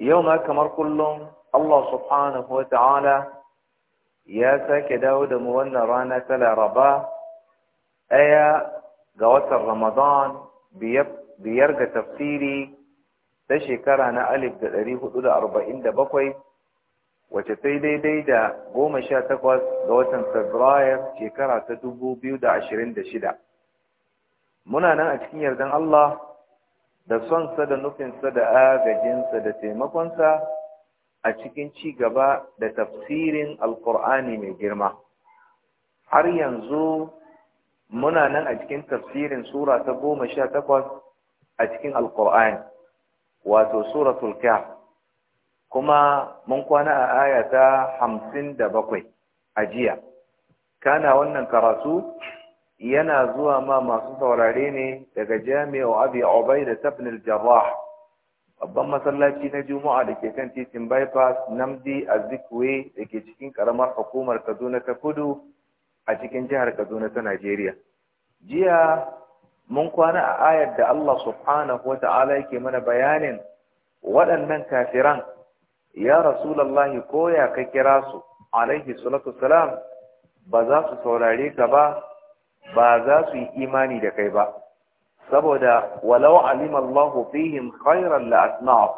yau ma kamar kullum Allah subhanahu wa ta'ala ya sake dawo da mu wannan rana ta laraba ɗaya ga watan ramadan biyar ga tafsiri ta shekara na alif da ɗari hudu da arba'in da bakwai wace sai daidai da goma sha takwas ga watan fabrair shekara ta dubu biyu da ashirin da shida muna nan a cikin yardan Allah da sonsa da nufinsa da agajinsa da taimakonsa a cikin ci gaba da tafsirin alkur'ani mai girma har yanzu muna nan a cikin tafsirin sura ta goma sha takwas a cikin alkur'ani wato suratul kahf kuma mun kwana a aya ta hamsin da bakwai a jiya kana wannan karatu yana zuwa ma masu saurare ne daga jami'a abi obai da tafnil jarrah babban masallaci na juma'a da ke kan titin bypass namdi azikwe da ke cikin karamar hukumar kaduna ta kudu a cikin jihar kaduna ta najeriya jiya mun kwana a ayar da allah subhanahu wa ta'ala yake mana bayanin waɗannan kafiran ya rasulallah ko ya ka kira su alaihi salatu salam ba za su saurare ka ba ba za su yi imani da kai ba saboda walau alimallahu Allah fihim khairan la asma'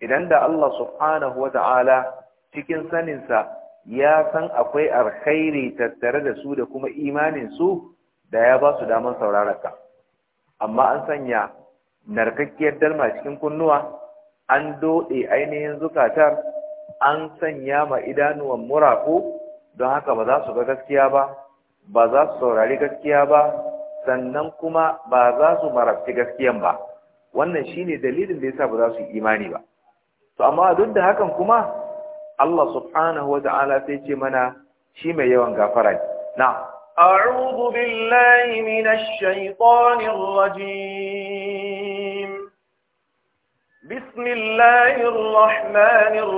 idan da Allah subhanahu wa ta'ala cikin saninsa ya san akwai alkhairi tattare da su da kuma imanin su da ya ba su daman ka amma an sanya narkakkiyar dalma cikin kunnuwa an dode ainihin zukatar an sanya ma idanuwan murako don haka ba za su ga gaskiya ba ba za su saurari gaskiya ba sannan kuma ba za su marabci gaskiyan ba wannan shine dalilin da yasa ba za su yi imani ba to amma duk da hakan kuma Allah subhanahu waTa'ala sai ce mana shi mai yawan gafara ne na a'udhu billahi rajim bismillahir rahmanir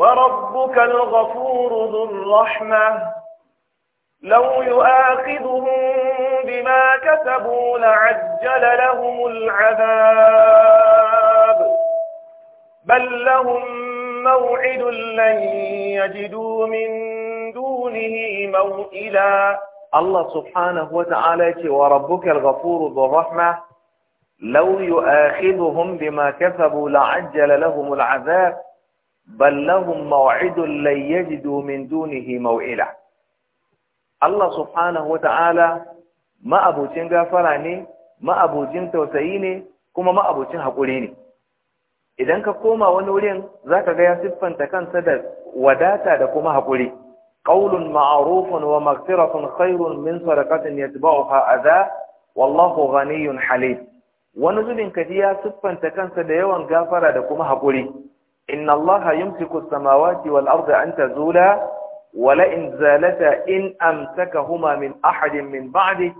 وربك الغفور ذو الرحمة لو يؤاخذهم بما كسبوا لعجل لهم العذاب بل لهم موعد لن يجدوا من دونه موئلا الله سبحانه وتعالى وربك الغفور ذو الرحمة لو يؤاخذهم بما كسبوا لعجل لهم العذاب Ballahu lahum layyaji lan dunihi maw'ila Allah subhanahu wata'ala ma'abucin gafara ne ma'abucin tausayi ne kuma ma'abucin haƙuri ne idan ka koma wani wurin zaka ga ya siffanta kansa da wadata da kuma haƙuri qaulun ma'rufun wa maghfiratun khairun min sadaqatin yatba'uha adha wallahu ghaniyyun halim wani zubin kaji ya siffanta kansa da yawan gafara da kuma haƙuri inna allaha yumsiku as-samawati wal arda an tazula wa ta in zalata in amsakahuma min ahadin min ba'di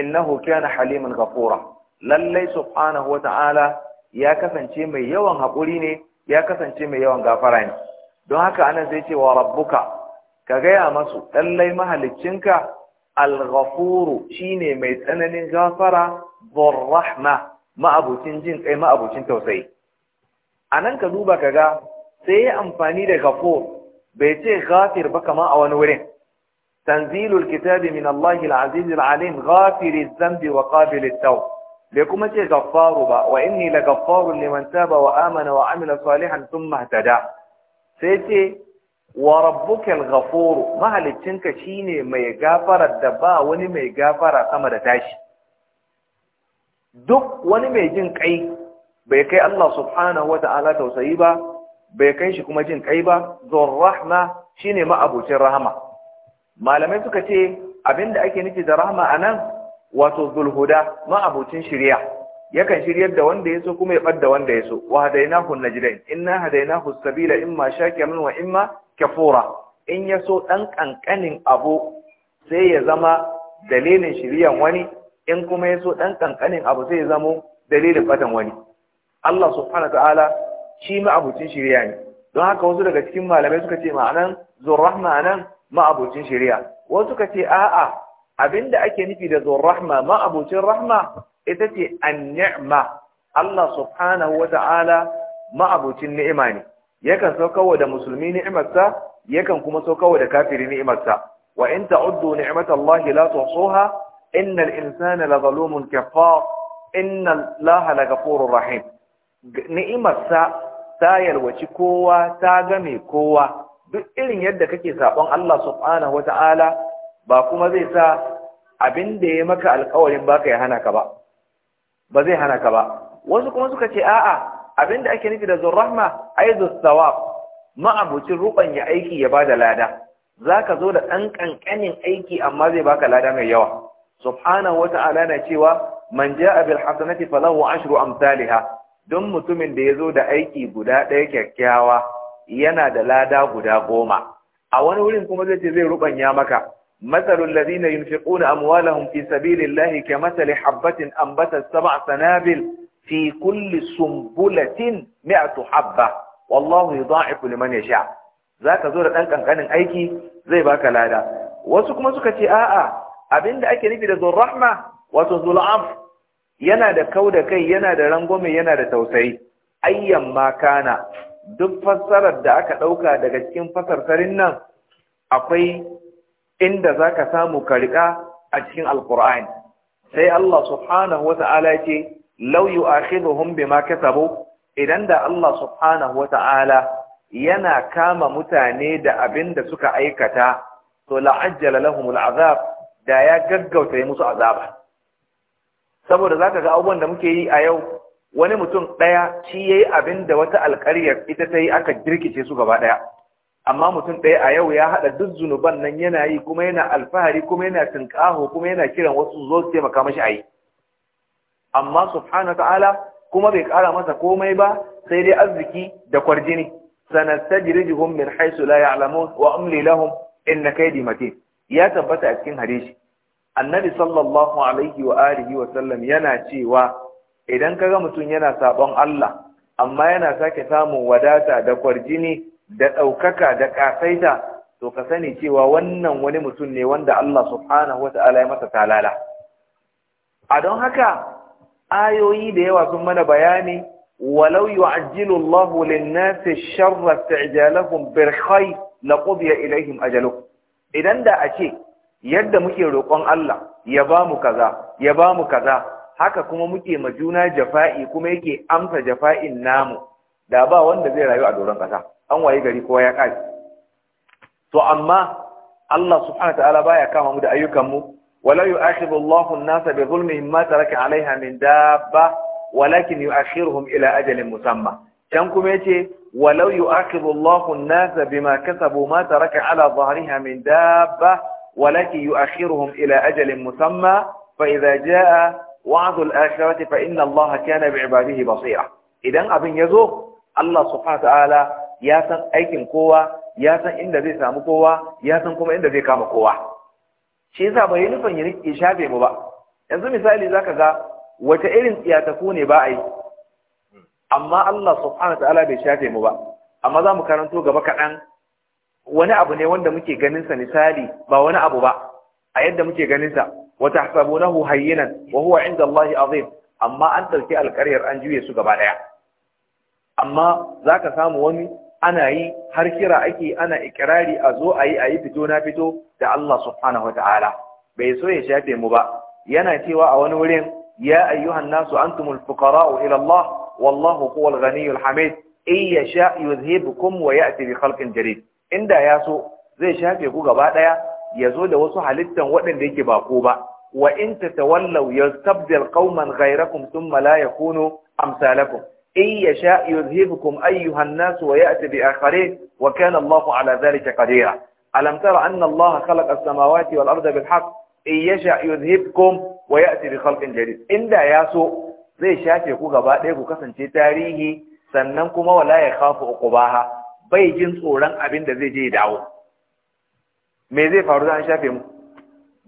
innahu kana haliman ghafura lallai subhanahu wa ta'ala ya kasance mai yawan haƙuri ne ya kasance mai yawan gafara ne don haka ana zai ce wa rabbuka ka gaya masu lallai mahaliccinka al-ghafuru shine mai tsananin gafara dhur rahma ma'abucin jin kai ma'abucin tausayi a nan ka duba kaga, sai ya amfani da gafo bai ce ghafir ba kama a wani wurin tanzilul kitabi min Allah al alim ghafir wa qabil at bai kuma ce gaffaru ba wa inni la gaffarun liman taba wa amana wa amila salihan thumma ihtada sai ce wa rabbukal ghafur mahalicinka shine mai gafara da ba wani mai gafara sama da tashi duk wani mai jin kai bai kai Allah subhanahu wa ta'ala tausayi ba bai kai shi kuma jin kai ba zuwan rahma shine ma'abucin rahama malamai suka ce abinda ake nufi da rahama anan wato zulhuda ma'abucin shiriya yakan shiryar da wanda ya so kuma ya ɓadda wanda ya so wa hadainahu najdain inna hadainahu sabila imma shakiran wa imma kafura in ya so dan kankanin abu sai ya zama dalilin shiryan wani in kuma ya so dan kankanin abu sai ya zamo dalilin fatan wani Allah subhanahu ta'ala shi ma'abucin shirya ne don haka wasu daga cikin malamai suka ce ma'anan zurrahma nan ma'abucin shari'a wasu suka ce a'a abinda ake nufi da zurrahma ma'abucin rahma ita ce an-ni'ma Allah subhanahu wa ma'abucin ni'ima ne yakan saukawa da musulmi ni'imarsa yakan kuma saukawa da kafiri ni'imarsa wa in ta'uddu ni'matallahi la tuhsuha innal insana la zalumun kafar inna allaha la ghafurur rahim ni'imarsa ta yalwaci kowa ta game kowa duk irin yadda kake sabon Allah subhanahu wata'ala ba kuma zai sa abin da ya maka alkawarin baka ya hana ka ba ba zai hana ka ba wasu kuma suka ce a'a abin da ake nufi da zurrahma aizu thawab ma'abucin ruban ya aiki ya bada lada zaka zo da ɗan ƙanƙanin aiki amma zai baka lada mai yawa subhanahu wata'ala na cewa man ja'a bil hasanati falahu ashru amsalha don mutumin da ya zo da aiki guda ɗaya kyakkyawa yana da lada guda goma a wani wurin kuma zai ce zai rubanya maka matsalul ladina yunfiquna amwalahum fi sabilillahi kamathali habatin ambatat sab'a sanabil fi kulli sumbulatin mi'atu habba wallahu yudha'ifu liman yasha zaka zo da dan kankanin aiki zai baka lada wasu kuma suka ce a'a abinda ake nufi da zurrahma wato zul'af yana da kau da kai yana da rangwame yana da tausayi ayyan makana kana duk fassarar da aka ɗauka daga cikin fasarsarin nan akwai inda za ka samu karika a cikin alkur'ani sai Allah subhanahu wata'ala ce lauyu yi akhiruhum bima kasabu idan da Allah subhanahu wata'ala yana kama mutane da abin da suka aikata to la'ajjala lahumul azab da ya gaggauta musu azaba saboda za ka ga abubuwan da muke yi a yau wani mutum ɗaya shi yayi abin da wata alƙaryar ita ta yi aka girkice su gaba ɗaya amma mutum ɗaya a yau ya haɗa duk zunuban nan yana yi kuma yana alfahari kuma yana tunƙaho kuma yana kiran wasu zo su taimaka mashi a yi amma subhana ta'ala kuma bai ƙara masa komai ba sai dai arziki da kwarjini sanastajrijuhum min haisu la ya'lamun wa amli lahum inna kaydi matin ya tabbata a cikin hadisi annabi sallallahu alaihi wa alihi wa sallam yana cewa idan kaga mutum yana sabon Allah amma yana sake samun wadata da kwarjini da ɗaukaka da ƙasaita to ka sani cewa wannan wani mutum ne wanda Allah subhanahu wa ta'ala ya masa talala a don haka ayoyi da yawa sun mana bayani walau yu'ajjilu Allahu lin-nasi sharra isti'jalahum bil khayr laqudiya ilaihim ajaluhum idan da ake yadda muke roƙon Allah ya ba mu kaza ya ba mu kaza haka kuma muke ma juna jafa'i kuma yake amsa jafa'in namu da ba wanda zai rayu a doron kasa, an waye gari kowa ya kai to amma Allah subhanahu wataala baya kama mu da ayyukan mu wala yu'akhiru Allahu an-nasa bi zulmihim ma taraka 'alayha min dabba walakin yu'akhiruhum ila ajalin musamma can kuma yace walau yu'akhiru Allahu an-nasa bima kasabu ma taraka 'ala dhahriha min dabba ولكن يؤخرهم إلى أجل مسمى فإذا جاء وعد الآخرة فإن الله كان بعباده بصيرا إذن أبن يزو الله سبحانه وتعالى ياسن أيكم قوة ياسن إن ذي سام قوة ياسن كما إن ذي كام قوة شيء سابا ينفن ينك إشابه مبا yanzu misali zaka ga wata irin tsiyataku ne ba ai amma Allah subhanahu wataala bai shafe mu ba amma za mu karanto gaba kaɗan wani abu ne wanda muke ganin sa misali ba wani abu ba a yadda muke ganin sa wa tahsabunahu hayyinan wa inda Allah azim amma an dauki alƙaryar an juye su gaba ɗaya amma zaka samu wani ana yi har kira ake ana ikirari a zo ayi yi fito na fito da Allah subhanahu bai so ya shafe mu ba yana cewa a wani wurin ya ayyuhan nasu antumul fuqara'u ila Allah wallahu huwal ghaniyyul hamid in yasha yuzhibukum wa ya'ti bi khalqin jadid inda ya so zai shafe ku gaba daya ya zo da wasu halittan waɗanda yake ba ko ba wa in tatawallaw yastabdil qauman ghayrakum thumma la yakunu amsalakum in yasha yuzhibukum ayyuha an-nas wa ya'ti bi akharin wa kana Allahu ala dhalika qadira alam tara anna Allaha khalaqa as-samawati wal arda bil haqq in sha yuzhibukum wa ya'ti bi khalqin jadid inda ya so zai shafe ku gaba ɗaya ku kasance tarihi sannan kuma wala ya khafu uqubaha bai jin tsoron abin da zai je ya dawo me zai faru da an shafe mu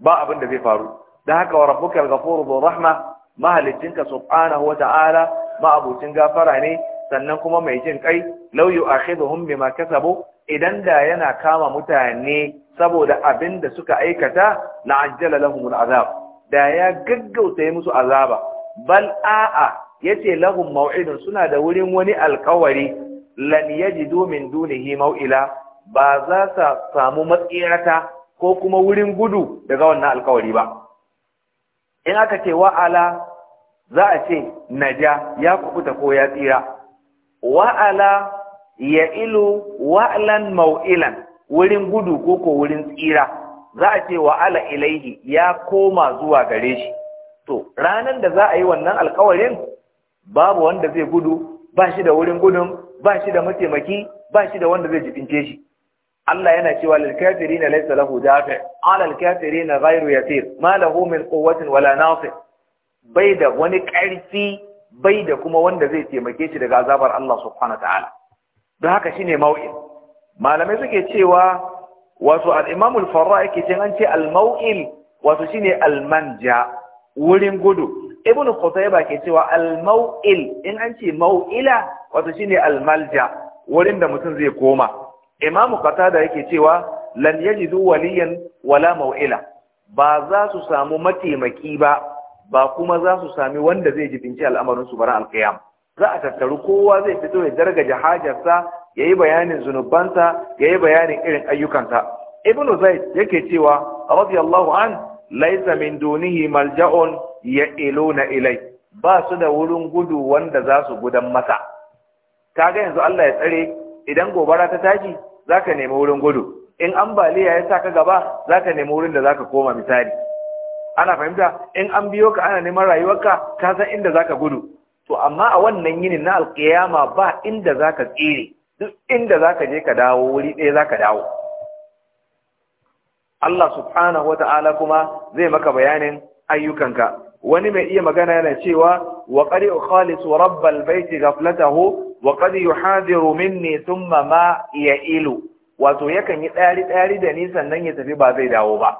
ba abin da zai faru da haka wa rabbukal ghafuru rahma mahalicinka subhanahu wa ta'ala abucin gafara ne sannan kuma mai jin kai law yu'akhidhuhum bima kasabu idan da yana kama mutane saboda abin da suka aikata la'ajjala lahumul azab da ya gaggauta yi musu azaba bal a'a yace lahum maw'idun suna da wurin wani alƙawari lan yajidu min dunihi mau'ila ba za samu matsirata ko kuma wurin gudu daga wannan alkawari ba in aka ce wa'ala za a ce naja ya kubuta ko ya tsira wa'ala ya ilu wa'lan mau'ilan wurin gudu ko ko wurin tsira za a ce wa'ala ilaihi ya koma zuwa gare shi to ranan da za a yi wannan alkawarin babu wanda zai gudu ba shi da wurin gudun ba shi da mataimaki ba shi da wanda zai jibince shi Allah yana cewa lil kafirin laysa lahu dafi' ala al kafirin ghayru yasir ma lahu min quwwatin wala nafi bai da wani karfi, bai da kuma wanda zai taimake shi daga azabar Allah subhanahu ta'ala don haka shine mau'in malamai suke cewa wato al-Imam al-Farra yake cewa an ce al-mau'il wato shine al-manja wurin gudu Ibnu Qutayba ke cewa al-maw'il in an ce Mau'ila wato shine al-malja wurin da mutum zai koma Imam Qatada yake cewa lan yajidu waliyan wala mau'ila. ba za su samu mataimaki ba ba kuma za su sami wanda zai binci al'amarin su bara al-qiyam za a tattaru kowa zai fito ya dargaje hajarsa yayi bayanin zunubansa yayi bayanin irin ayyukansa Ibnu Zaid yake cewa radiyallahu an laisa min dunihi malja'un ya'iluna ilai ba su da wurin gudu wanda za su gudan masa kaga yanzu Allah ya tsare idan gobara ta tashi zaka nemi wurin gudu in ambaliya ya saka gaba zaka nemi wurin da zaka koma misali ana fahimta in an biyo ka ana neman rayuwarka ka san inda zaka gudu to amma a wannan yinin na alkiyama ba inda zaka tsire duk inda zaka je ka dawo wuri ɗaya zaka dawo Allah subhanahu wata'ala kuma zai maka bayanin ayyukanka wani mai iya magana yana cewa wa qad yukhalisu rabbal baiti ghaflatahu wa qad yuhadiru minni thumma ma ya'ilu wato yakan yi ɗariɗari da ni sannan ya tafi ba zai dawo ba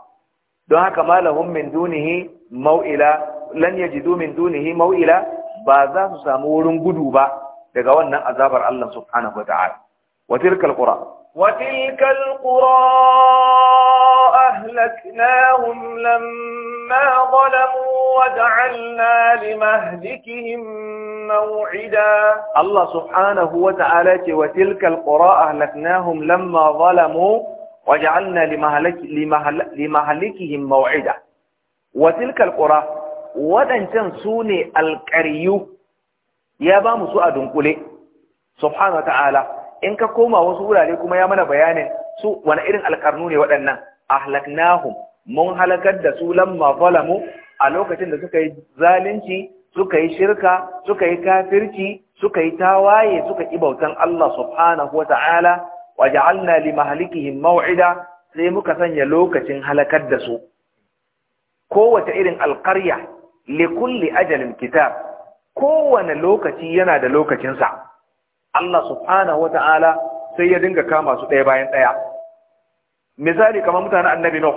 don haka malahum min dunihi mau'ila lan yajidu min dunihi mau'ila ba za su samu wurin gudu ba daga wannan azabar Allah subhanahu wata'ala wa tilkal qura wa tilkal qura أهلكناهم لما ظلموا وجعلنا لمهلكهم موعدا الله سبحانه وتعالى وتلك القرى أهلكناهم لما ظلموا وجعلنا لمهلك لمهل لمهلكهم موعدا وتلك القرى ودنشان سوني القريو ya ba mu su a dunkule subhanahu wataala in ka koma wasu wurare kuma ya mana bayanin su wani irin alkarnu ne waɗannan ahlaknahum mun halakar da su lamma zalamu a lokacin da suka yi zalunci suka yi shirka suka yi kafirci suka yi tawaye suka ki bautan Allah subhanahu wata'ala ja'alna li mahlikihim maw'ida sai muka sanya lokacin halakar da su kowace irin alqarya li kulli ajalin kitab kowane lokaci yana da lokacinsa Allah subhanahu wata'ala sai ya dinga kama su ɗaya bayan ɗaya misali kamar mutanen annabi nuh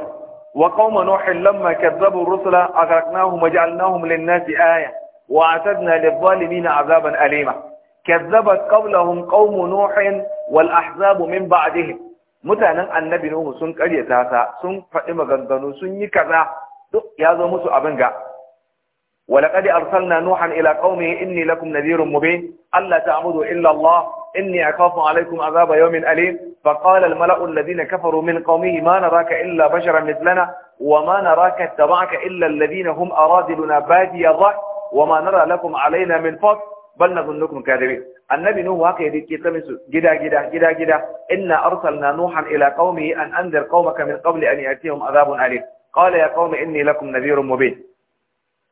wa qauma nuhin lamma kadzabu rusula aghraqnahum waja'alnahum lin-nasi aya wa atadna lidh-dhalimina 'azaban alima kazzabat qablahum qaumu nuhin wal ahzabu min ba'dihim mutanen annabi nuh sun karyata ta sun faɗi maganganu sun yi kaza duk ya zo musu abin ga ولقد أرسلنا نوحا إلى قومه إني لكم نذير مبين ألا تعبدوا إلا الله إني أخاف عليكم عذاب يوم أليم فقال الملأ الذين كفروا من قومه ما نراك إلا بشرا مثلنا وما نراك اتبعك إلا الذين هم أرادلنا بادي الرأي وما نرى لكم علينا من فضل بل نظنكم كاذبين النبي نوح هكا يديك يتمس جدا جدا جدا جدا إنا أرسلنا نوحا إلى قومه أن أنذر قومك من قبل أن يأتيهم عذاب أليم قال يا قوم إني لكم نذير مبين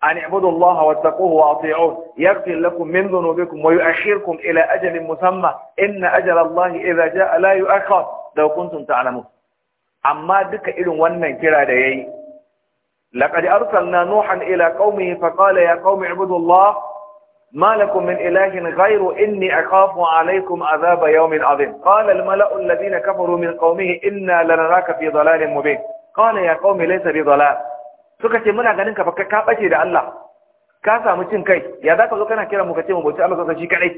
أن اعبدوا الله واتقوه وأطيعوه يغفر لكم من ذنوبكم ويؤخركم إلى أجل مسمى إن أجل الله إذا جاء لا يؤخر لو كنتم تعلمون أما دك إلو ونن كرا ديي لقد أرسلنا نوحا إلى قومه فقال يا قوم اعبدوا الله ما لكم من إله غير إني أخاف عليكم عذاب يوم عظيم قال الملأ الذين كفروا من قومه إنا لنراك في ضلال مبين قال يا قوم ليس بضلال suka ce muna ganin ka fa ka bace da Allah ka samu cin kai ya zaka zo kana kira mu ka ce mu bauci Allah sai shi kadai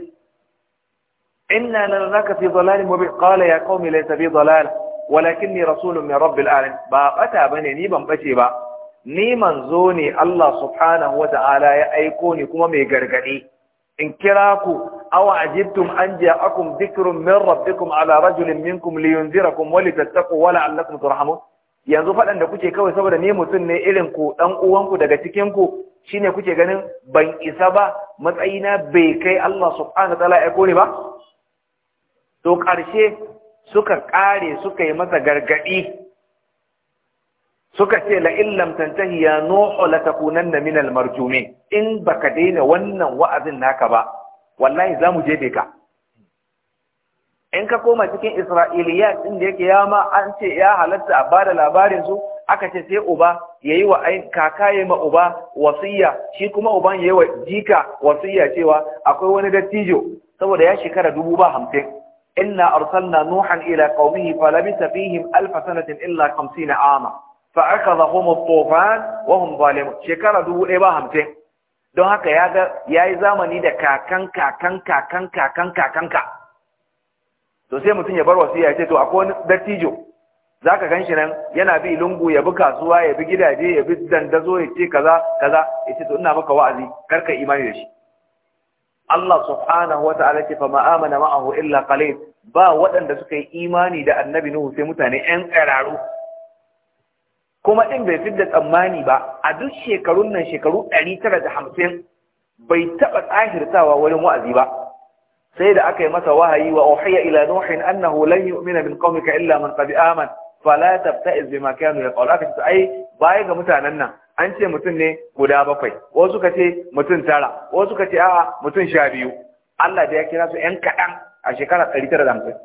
inna lanaka fi dhalalin mubin qala ya qaumi laysa bi dhalal walakinni rasulun min rabbil alamin ba bata bane ni ban bace ba ni manzo ne Allah subhanahu wata'ala ya aiko ni kuma mai gargadi in kira ku aw ajibtum an ja'akum dhikrun min rabbikum ala rajulin minkum liyunzirakum wa litattaqu wa la'allakum turhamun yanzu faɗan da kuke kawai saboda ni mutum ne irin ku ɗan uwanku daga cikin ku shine kuke ganin ban isa ba matsayina bai kai Allah subhanahu wataala ya kore ba to ƙarshe suka ƙare suka yi masa gargaɗi suka ce la illam tantahi ya nuhu la takunanna min al marjumin in baka daina wannan wa'azin naka ba wallahi zamu je ka in ka koma cikin isra'iliya din da yake yama an ce ya halatta a bada labarin su aka ce sai uba yayi wa ayin kaka yayi ma uba wasiya shi kuma uban yayi wa jika wasiya cewa akwai wani dattijo saboda ya shekara dubu ba hamsin inna arsalna nuhan ila qaumihi falabisa fihim alf sanatin illa 50 ama fa akadhahum at-tufan wa hum zalimun shekara dubu ɗaya ba hamsin don haka ya ga yayi zamani da kakan kakan kakan kakan kakanka to sai mutum ya bar wasiya ya ce to akwai wani dattijo za ka gan shi nan yana bi lungu ya bi kasuwa ya bi gidaje ya bi dandazo ya ce kaza kaza ya ce to ina maka wa'azi karka imani da shi Allah subhanahu wa ta'ala ce fa ma'amana ma'ahu illa qalil ba waɗanda suka yi imani da annabi Nuhu sai mutane ƴan ƙararu kuma in bai fidda tsammani ba a duk shekarun nan shekaru ɗari tara da hamsin bai taɓa tsahirtawa wurin wa'azi ba sai da aka yi masa wahayi wa uhiya ila nuhin annahu lan yu'mina min qaumika illa man qad amana fala tabta'iz bima kanu yaqulu aka ce ai baya ga mutanen nan an ce mutum ne guda bakwai wasu ka ce mutum tara wasu ka ce a'a mutum sha biyu Allah da ya kira su ƴan kaɗan a shekara ɗari tara da hamsin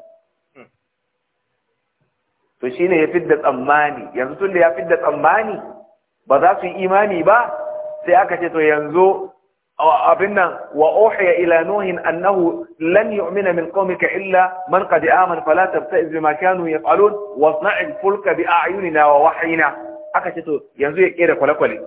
to shi ne ya fidda tsammani yanzu tun da ya fidda tsammani ba za su yi imani ba sai aka ce to yanzu أبنا وأوحي إلى نوح أنه لن يؤمن من قومك إلا من قد آمن فلا تبتئذ بما كانوا يفعلون واصنع الفلك بأعيننا ووحينا أكتتو ينزوي كيرا كولا كولي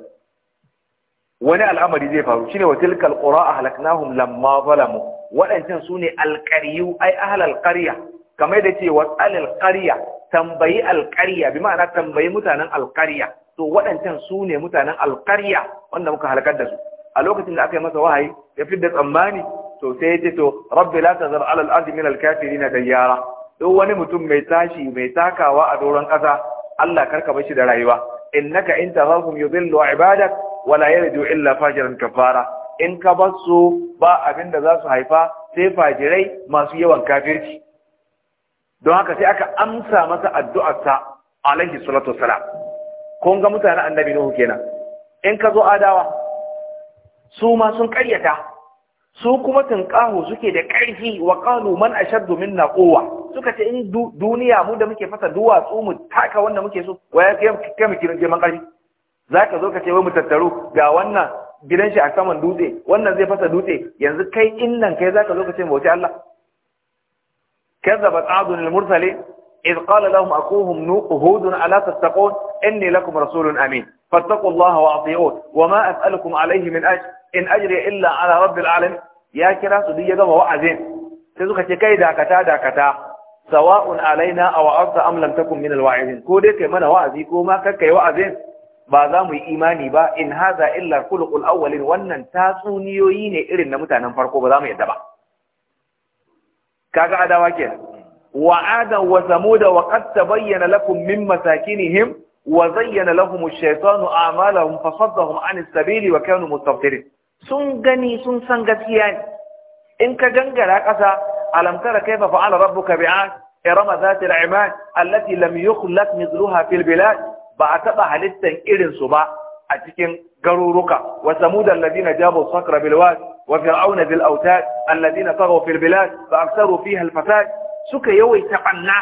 وناء الأمر يزي فاروشين وتلك القراء أهلكناهم لما ظلموا وأن تنسوني القريو أي أهل القرية كما يدتي وطأل القرية تنبي القرية بمعنى تنبي متانا القرية وأن تنسوني متانا القرية وأن مكهلكات a lokacin da aka yi masa wahayi ya fidda tsammani to sai ya ce to rabbi la tazar ala al-ardi min al-kafirin dayyara duk wani mutum mai tashi mai takawa a doron kasa Allah karka ka shi da rayuwa innaka in tarahum yudillu ibadak wala yarju illa fajiran kafara in ka basu su ba abin da za su haifa sai fajirai masu yawan kafirci don haka sai aka amsa masa addu'arsa alaihi salatu wassalam kun ga mutanen annabi nuhu kenan in ka zo adawa su ma sun karyata su kuma tunƙaho suke da ƙarfi wa qalu man ashaddu minna quwwa suka ce in duniya mu da muke fasa duwatsu mu taka wanda muke so waya kai mu kiran je man ƙarfi zaka zo ka ce wai mu tattaru ga wannan gidan shi a saman dutse wannan zai fasa dutse yanzu kai in nan kai zaka zo ka ce mu wuce Allah kazzabat adun al-mursalin إذ قال لهم أخوهم هود ألا تتقون إني لكم رسول أمين فاتقوا الله وأطيعون وما أسألكم عليه من أجر in ajri illa ala rabbil alamin ya kira su duk ya gama wa'azin sai suka ce kai dakata dakata sawa'un alaina aw arsa am lam takun min alwa'izin ko dai kai mana wa'azi ko ma kar kai wa'azin ba za mu yi imani ba in haza illa khuluqul awwalin wannan tatsuniyoyi ne irin na mutanen farko ba za mu yadda ba kaga adawa kenan وعادا وثمود وقد تبين لكم من مساكنهم وزين لهم الشيطان أعمالهم فصدهم عن السبيل وكانوا مستغفرين sun gani sun san gaskiya ne in ka gangara ƙasa alam tara kaifa fa'ala rabbuka bi'ad irama zati al-imad allati lam yukhlaq mithluha fil bilad ba a taba halittan irin su ba a cikin garuruka wa samud alladhina jabu sakra bil wad wa fir'auna bil autad alladhina taghaw fil bilad fa aktharu fiha al fasad suka yawaita banna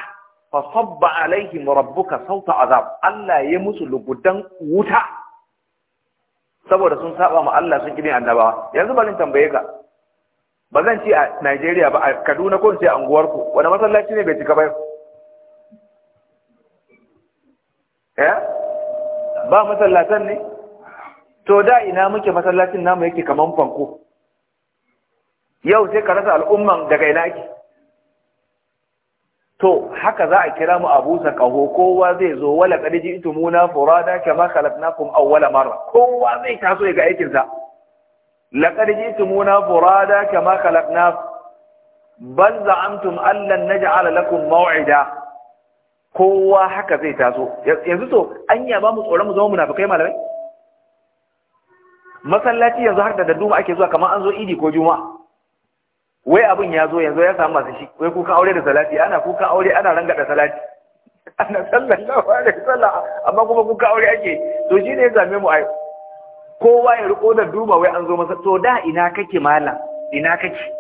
fa sabba alaihim rabbuka sawta azab Allah ya musu lugudan wuta saboda sun saba ma Allah sun kidin annabawa yanzu ba zan tambaye ka ba zan ce a Najeriya ba a Kaduna ko sai a unguwarku wani masallaci ne bai cika ba eh ba masallatan ne to da ina muke masallacin namu yake kaman fanko yau sai ka rasa al'umman daga ina ake to haka za a kira mu abu sa kaho kowa zai zo wala qad muna furada kama khalaqnakum awwala marra kowa zai taso ya ga aikin sa laqad muna furada kama khalaqnakum bal za'amtum an lan naj'ala lakum maw'ida kowa haka zai taso yanzu to anya ba mu tsoron mu zama munafikai malamai masallaci yanzu har da dadduma ake zuwa kamar an zo idi ko juma'a wai abin ya zo yanzu ya samu masu shi wai kuka aure da salati ana kuka aure ana da salati ana sallallahu alaihi wasallam amma kuma kuka aure ake to shine ya zame mu ai kowa ya riko da duba wai an zo masa to da ina kake malam ina kake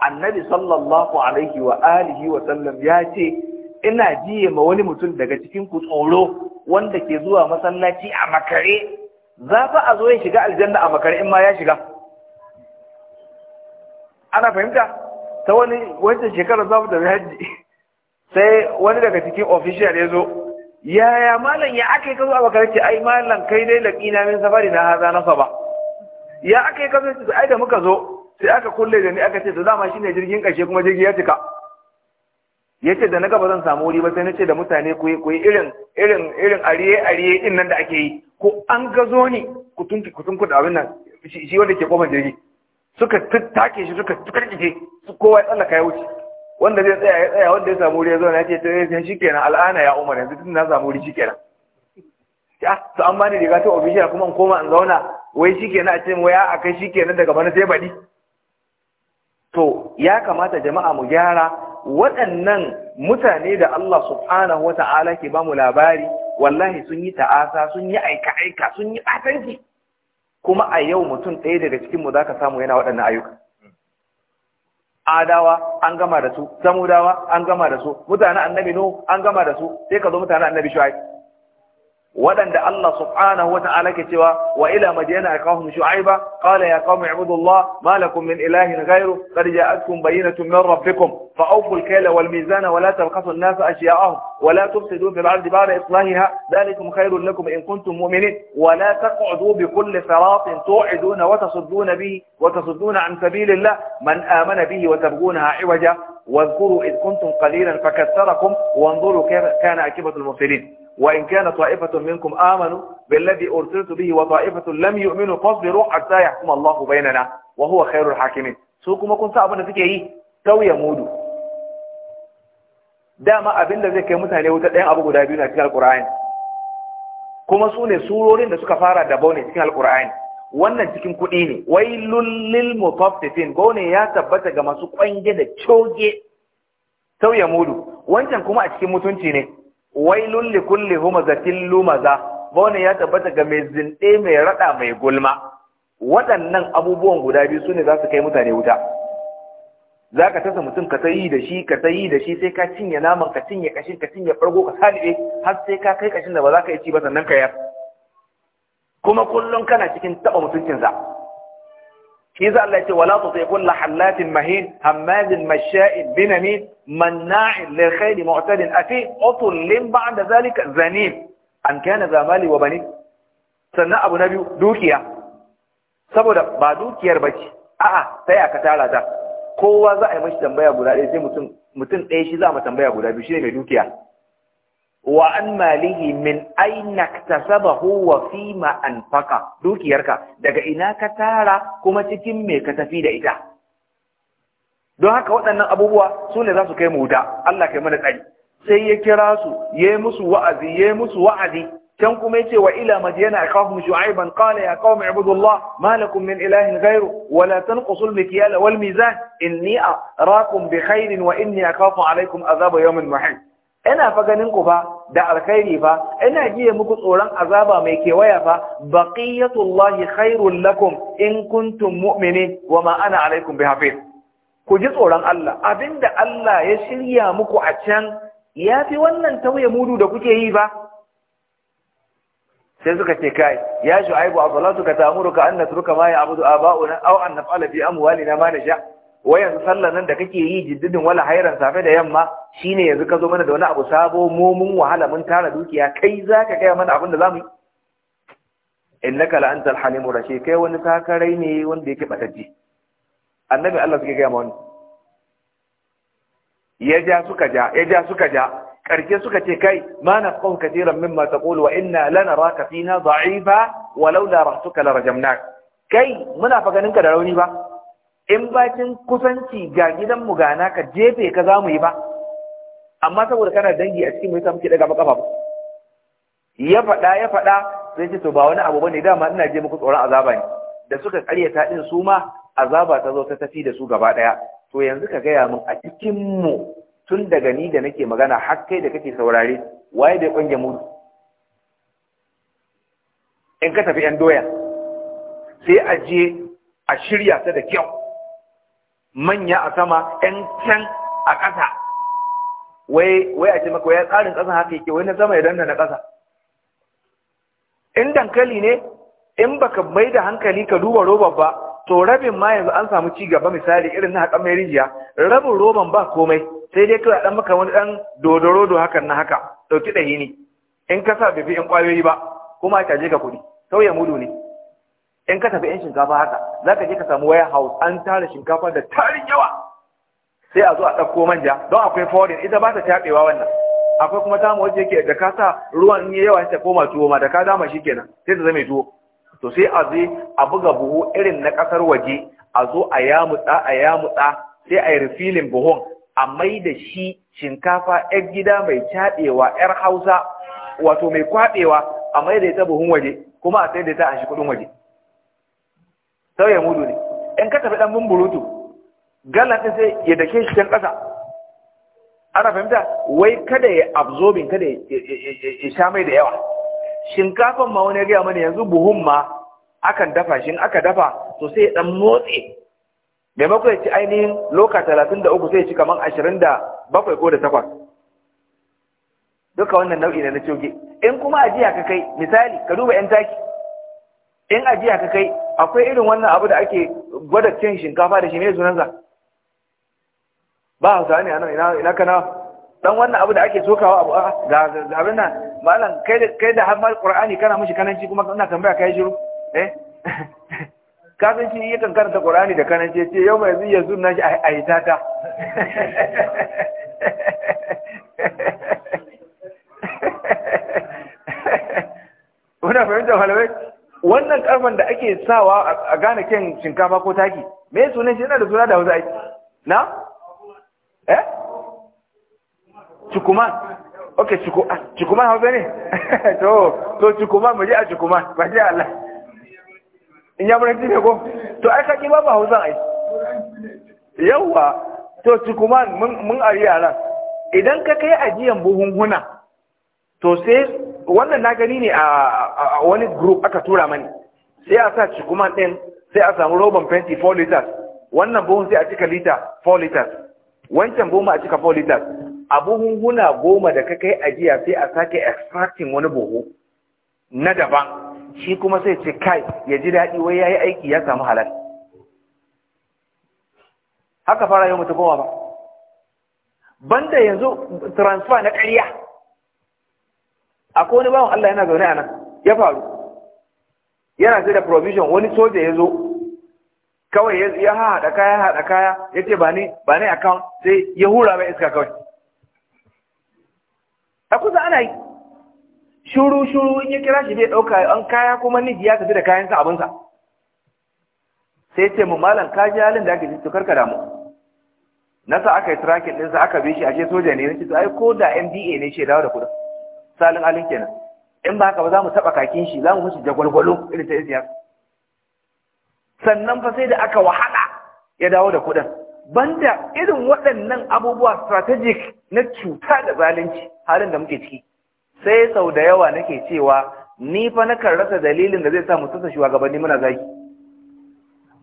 annabi sallallahu alaihi wa alihi wa sallam ya ce ina jiye ma wani mutum daga cikin ku tsoro wanda ke zuwa masallaci a makare za fa a zo ya shiga aljanna a makare in ma ya shiga ana fahimta ta wani wancan shekarar za mu tafi hajji sai wani daga cikin official ya zo yaya malam ya aka yi kazo bakar ce ai malam kai dai laƙina min safari na haza na saba ya aka yi kazo ce ai da muka zo sai aka kulle da ni aka ce to dama shine jirgin ƙarshe kuma jirgi ya cika yace da na gaba zan samu wuri ba sai nace da mutane ku yi irin irin irin ariye ariye din nan da ake yi ko an gazo ni ku tunki ku tunku da abin nan shi wanda ke kofar jirgi suka take shi suka karkice su kowa ya tsallaka ya wuce wanda zai tsaya ya tsaya wanda ya samu wuri ya zauna ya ce to eh, shi shikenan al'ana ya umar yanzu tun na samu wuri shikenan ya to an bani riga ta official kuma in koma in zauna wai kenan a ce mu ya shi kenan daga bana sai baɗi to ya kamata jama'a mu gyara waɗannan mutane da Allah subhanahu wata'ala ke ba mu labari wallahi sun yi ta'asa sun yi aika aika sun yi ɓatanci kuma a yau mutum ɗaya daga cikin mu ka samu yana waɗannan ayyuka adawa an gama da su samudawa an gama da su mutanen annabi no an gama da su sai ka zo mutanen annabi shu'aib waɗanda Allah subhanahu wa ta'ala ke cewa wa ila madiyana aqahum shu'aiba qala ya qaumi ibudullah ma lakum min ilahin ghayru qad ja'atkum bayyinatun min rabbikum fa awful kayla wal mizana wa la tabqasu an-nasa ashya'ahum wa la tufsidu fil ardi ba'da islahiha dhalikum khayrun lakum in kuntum mu'minin wa la taq'udu bi kulli siratin tu'iduna wa tasudduna bihi wa tasudduna an sabilillah man amana bihi wa tabghunaha 'iwaja واذكروا إذ كنتم قليلا فكثركم وانظروا كيف كان عاقبة المفسدين وإن كان طائفة منكم آمنوا بالذي أرسلت به وطائفة لم يؤمنوا فاصبروا حتى يحكم الله بيننا وهو خير الحاكمين su kuma kun sa abin da suke yi tauye mudu dama abin da zai kai mutane wuta ɗayan abu guda biyu na cikin alƙur'ani kuma su surorin da suka fara da baune cikin alƙur'ani wannan cikin kuɗi ne Wai lil mutaffifin baune ya tabbata ga masu kwange da coge tauye mudu wancan kuma a cikin mutunci ne wailun li kulli humazatin lumaza bawani ya tabbata ga mai zinde mai rada mai gulma waɗannan abubuwan guda biyu sune za su kai mutane wuta za ka tasa mutum ka tayi da shi ka tayi da shi sai ka cinye naman ka cinye kashin ka cinye ɓargo ka salibe har sai ka kai kashin da ba za ka yi ci ba sannan ka yar kuma kullum kana cikin taɓa mutuncinsa shi za Allah ya ce wala tuti kullu hallatin mahin hammazin masha'in binamin manna'in lil khairi mu'tadin afi utullin ba'da zalika zanim an kana zamali wa bani sannan abu na biyu dukiya saboda ba dukiyar bace a'a sai aka tara ta kowa za a yi mashi tambaya guda ɗaya sai mutum mutum ɗaya shi za mu tambaya guda biyu shine mai dukiya wa an malihi min aina tasabahu wa fima anfaqa dukiyarka daga ina ka tara kuma cikin me ka tafi da ita don haka waɗannan abubuwa su ne za su kai mu wuta Allah kai mana tsari sai ya kira su ya musu wa'azi ya musu wa'azi can kuma ce wa ila madyana aqahum shu'ayban kala ya qaumi ibudullah ma lakum min ilahin ghayru wa la tanqusul mikyala wal mizan inni arakum bi khairin wa inni akhafu alaikum adhab yawmin muhin ina fa ganin ku fa da alkhairi fa ina jiye muku tsoron azaba mai kewaya fa baqiyatullahi khairul lakum in kuntum mu'minin wa ma ana alaikum bihafiz ku ji tsoron Allah abinda Allah ya shirya muku a can yafi wannan tauye mudu da kuke yi ba sai suka ce kai ya shu'aibu a salatu ka ta'muru ka an natruka ma ya'budu aba'una aw an naf'ala fi amwalina ma nasha wayan sallan nan da kake yi jiddidin wala hairan safe da yamma shine yanzu ka zo mana da wani abu sabo mu mun wahala mun tara dukiya kai za ka gaya mana abin da za mu yi innaka la antal halimur rashid kai wani takarai ne wanda yake batacce annabi Allah suke gaya ma wani ya ja suka ja ya ja suka ja karke suka ce kai ma nafqahu katiran mimma taqulu wa inna lanaraka fina dha'ifa wa laula rahtuka larajamnak kai muna fa ganin da rauni ba in bakin kusanci ga gidan mu ga naka jefe ka za mu yi ba amma saboda kana dangi a cikin mu yasa muke daga makafa ya faɗa ya faɗa sai ce to ba wani abu bane dama ina je muku tsoron azaba ne da suka karyata din su ma azaba ta zo ta tafi da su gaba ɗaya. to yanzu ka gaya min a cikin mu tun daga ni da nake magana har kai da kake saurare waye bai kunge mu in ka tafi yan doya sai a je a shirya ta da kyau manya a sama ɗan can a ƙasa wai a ce maka ya tsarin ƙasa haka yake wai na sama ya danda ƙasa in dankali ne in baka mai da hankali ka duba roban ba to rabin ma yanzu an samu ci gaba misali irin na haƙa mai rijiya rabin roban ba komai sai dai kawai ɗan maka wani ɗan dodoro do hakan na haka ɗauki ɗahi ne in ka sa bai fi in ƙwayoyi ba kuma ka je ka kuɗi sauya mudu ne in ka tafi yan shinkafa haka za ka je ka samu waya hau an tara shinkafa da tarin yawa sai a zo a ɗauko manja don akwai foreign ita ba ta taɓewa wannan akwai kuma ta wacce ke da ka sa ruwan in yawa ta koma tuwo ma da ka dama shi kenan sai ta zame tuwo to sai a zai, a buga buhu irin na ƙasar waje a zo a yamutsa a yamutsa sai a yi refilin buhun a mai da shi shinkafa yar gida mai caɗewa yar hausa wato mai kwaɗewa a mai da ita buhun waje kuma a sai da ita a shi kuɗin waje sauya mudu ne in ka tafi dan bumburutu gallan ta sai ya dake shi kan kasa ana fahimta wai kada ya absorbing kada ya sha mai da yawa shinkafan ma wani gaya mana yanzu buhun ma akan dafa shin aka dafa to sai dan motsi maimakon ya ci ainihin loka talatin da uku sai ya ci kaman ashirin da bakwai ko da takwas duka wannan nau'i na na coge in kuma ajiya ka kai misali ka duba yan taki in ajiya ka kai akwai irin wannan abu da ake gwada cin shinkafa da shi ne sunansa ba hausa ne a ina ina kana dan wannan abu da ake tsokawa abu ga abin nan malam kai da kai da kana mashi kananci kuma ina tambaya kai shiru eh ka shi yakan karanta qur'ani da kananci ce yau mai zuya na shi a hitata Una fahimta malamai wannan karfan da ake sawa a gane kyan shinkafa ko taki me sunan shi yana da suna da hausa aiki na eh cikuman ok cikuman ah, hausa ne to to cikuman maji je a cikuman ba je Allah in ya muranci ne ko to ai kaki babu hausa aiki. yawa to cikuman mun mun ari idan ka kai ajiyan buhunhuna to sai wannan na gani ne a wani group aka tura mani sai a sa cikuman ɗin sai a samu roban fenti 4 liters wannan buhun sai a cika lita 4 liters wancan buhun a cika 4 liters a buhunhuna goma da ka kai ajiya sai a sake extracting wani buhu na daban shi kuma sai ce kai ya ji daɗi wai ya yi aiki ya samu halal haka fara yau mutu koma ba banda yanzu transfer na ƙarya akwai wani bawan Allah yana zaune a nan ya faru yana sai da provision wani soja ya zo kawai ya haɗa kaya haɗa kaya ya ce ba ni ba ni account sai ya hura mai iska kawai a kusa ana yi shuru shuru in ya kira shi bai ɗauka an kaya kuma niji ya tafi da kayansa abinsa sai ce mu malam ka ji halin da ake ji tukar ka damu na sa aka yi tracking ɗinsa aka bi shi ashe soja ne na ce to ai ko da MDA ne shi dawo da kudin salin alin kenan in ba haka ba za mu taɓa kakin shi za mu mushi jagwalgwalo irin ta siyasa sannan fa sai da aka wahala ya dawo da kuɗin banda irin waɗannan abubuwa strategic na cuta da zalunci halin da muke ciki sai sau da yawa nake cewa ni fa nakan rasa dalilin da zai sa mu sassa shugabanni muna zaki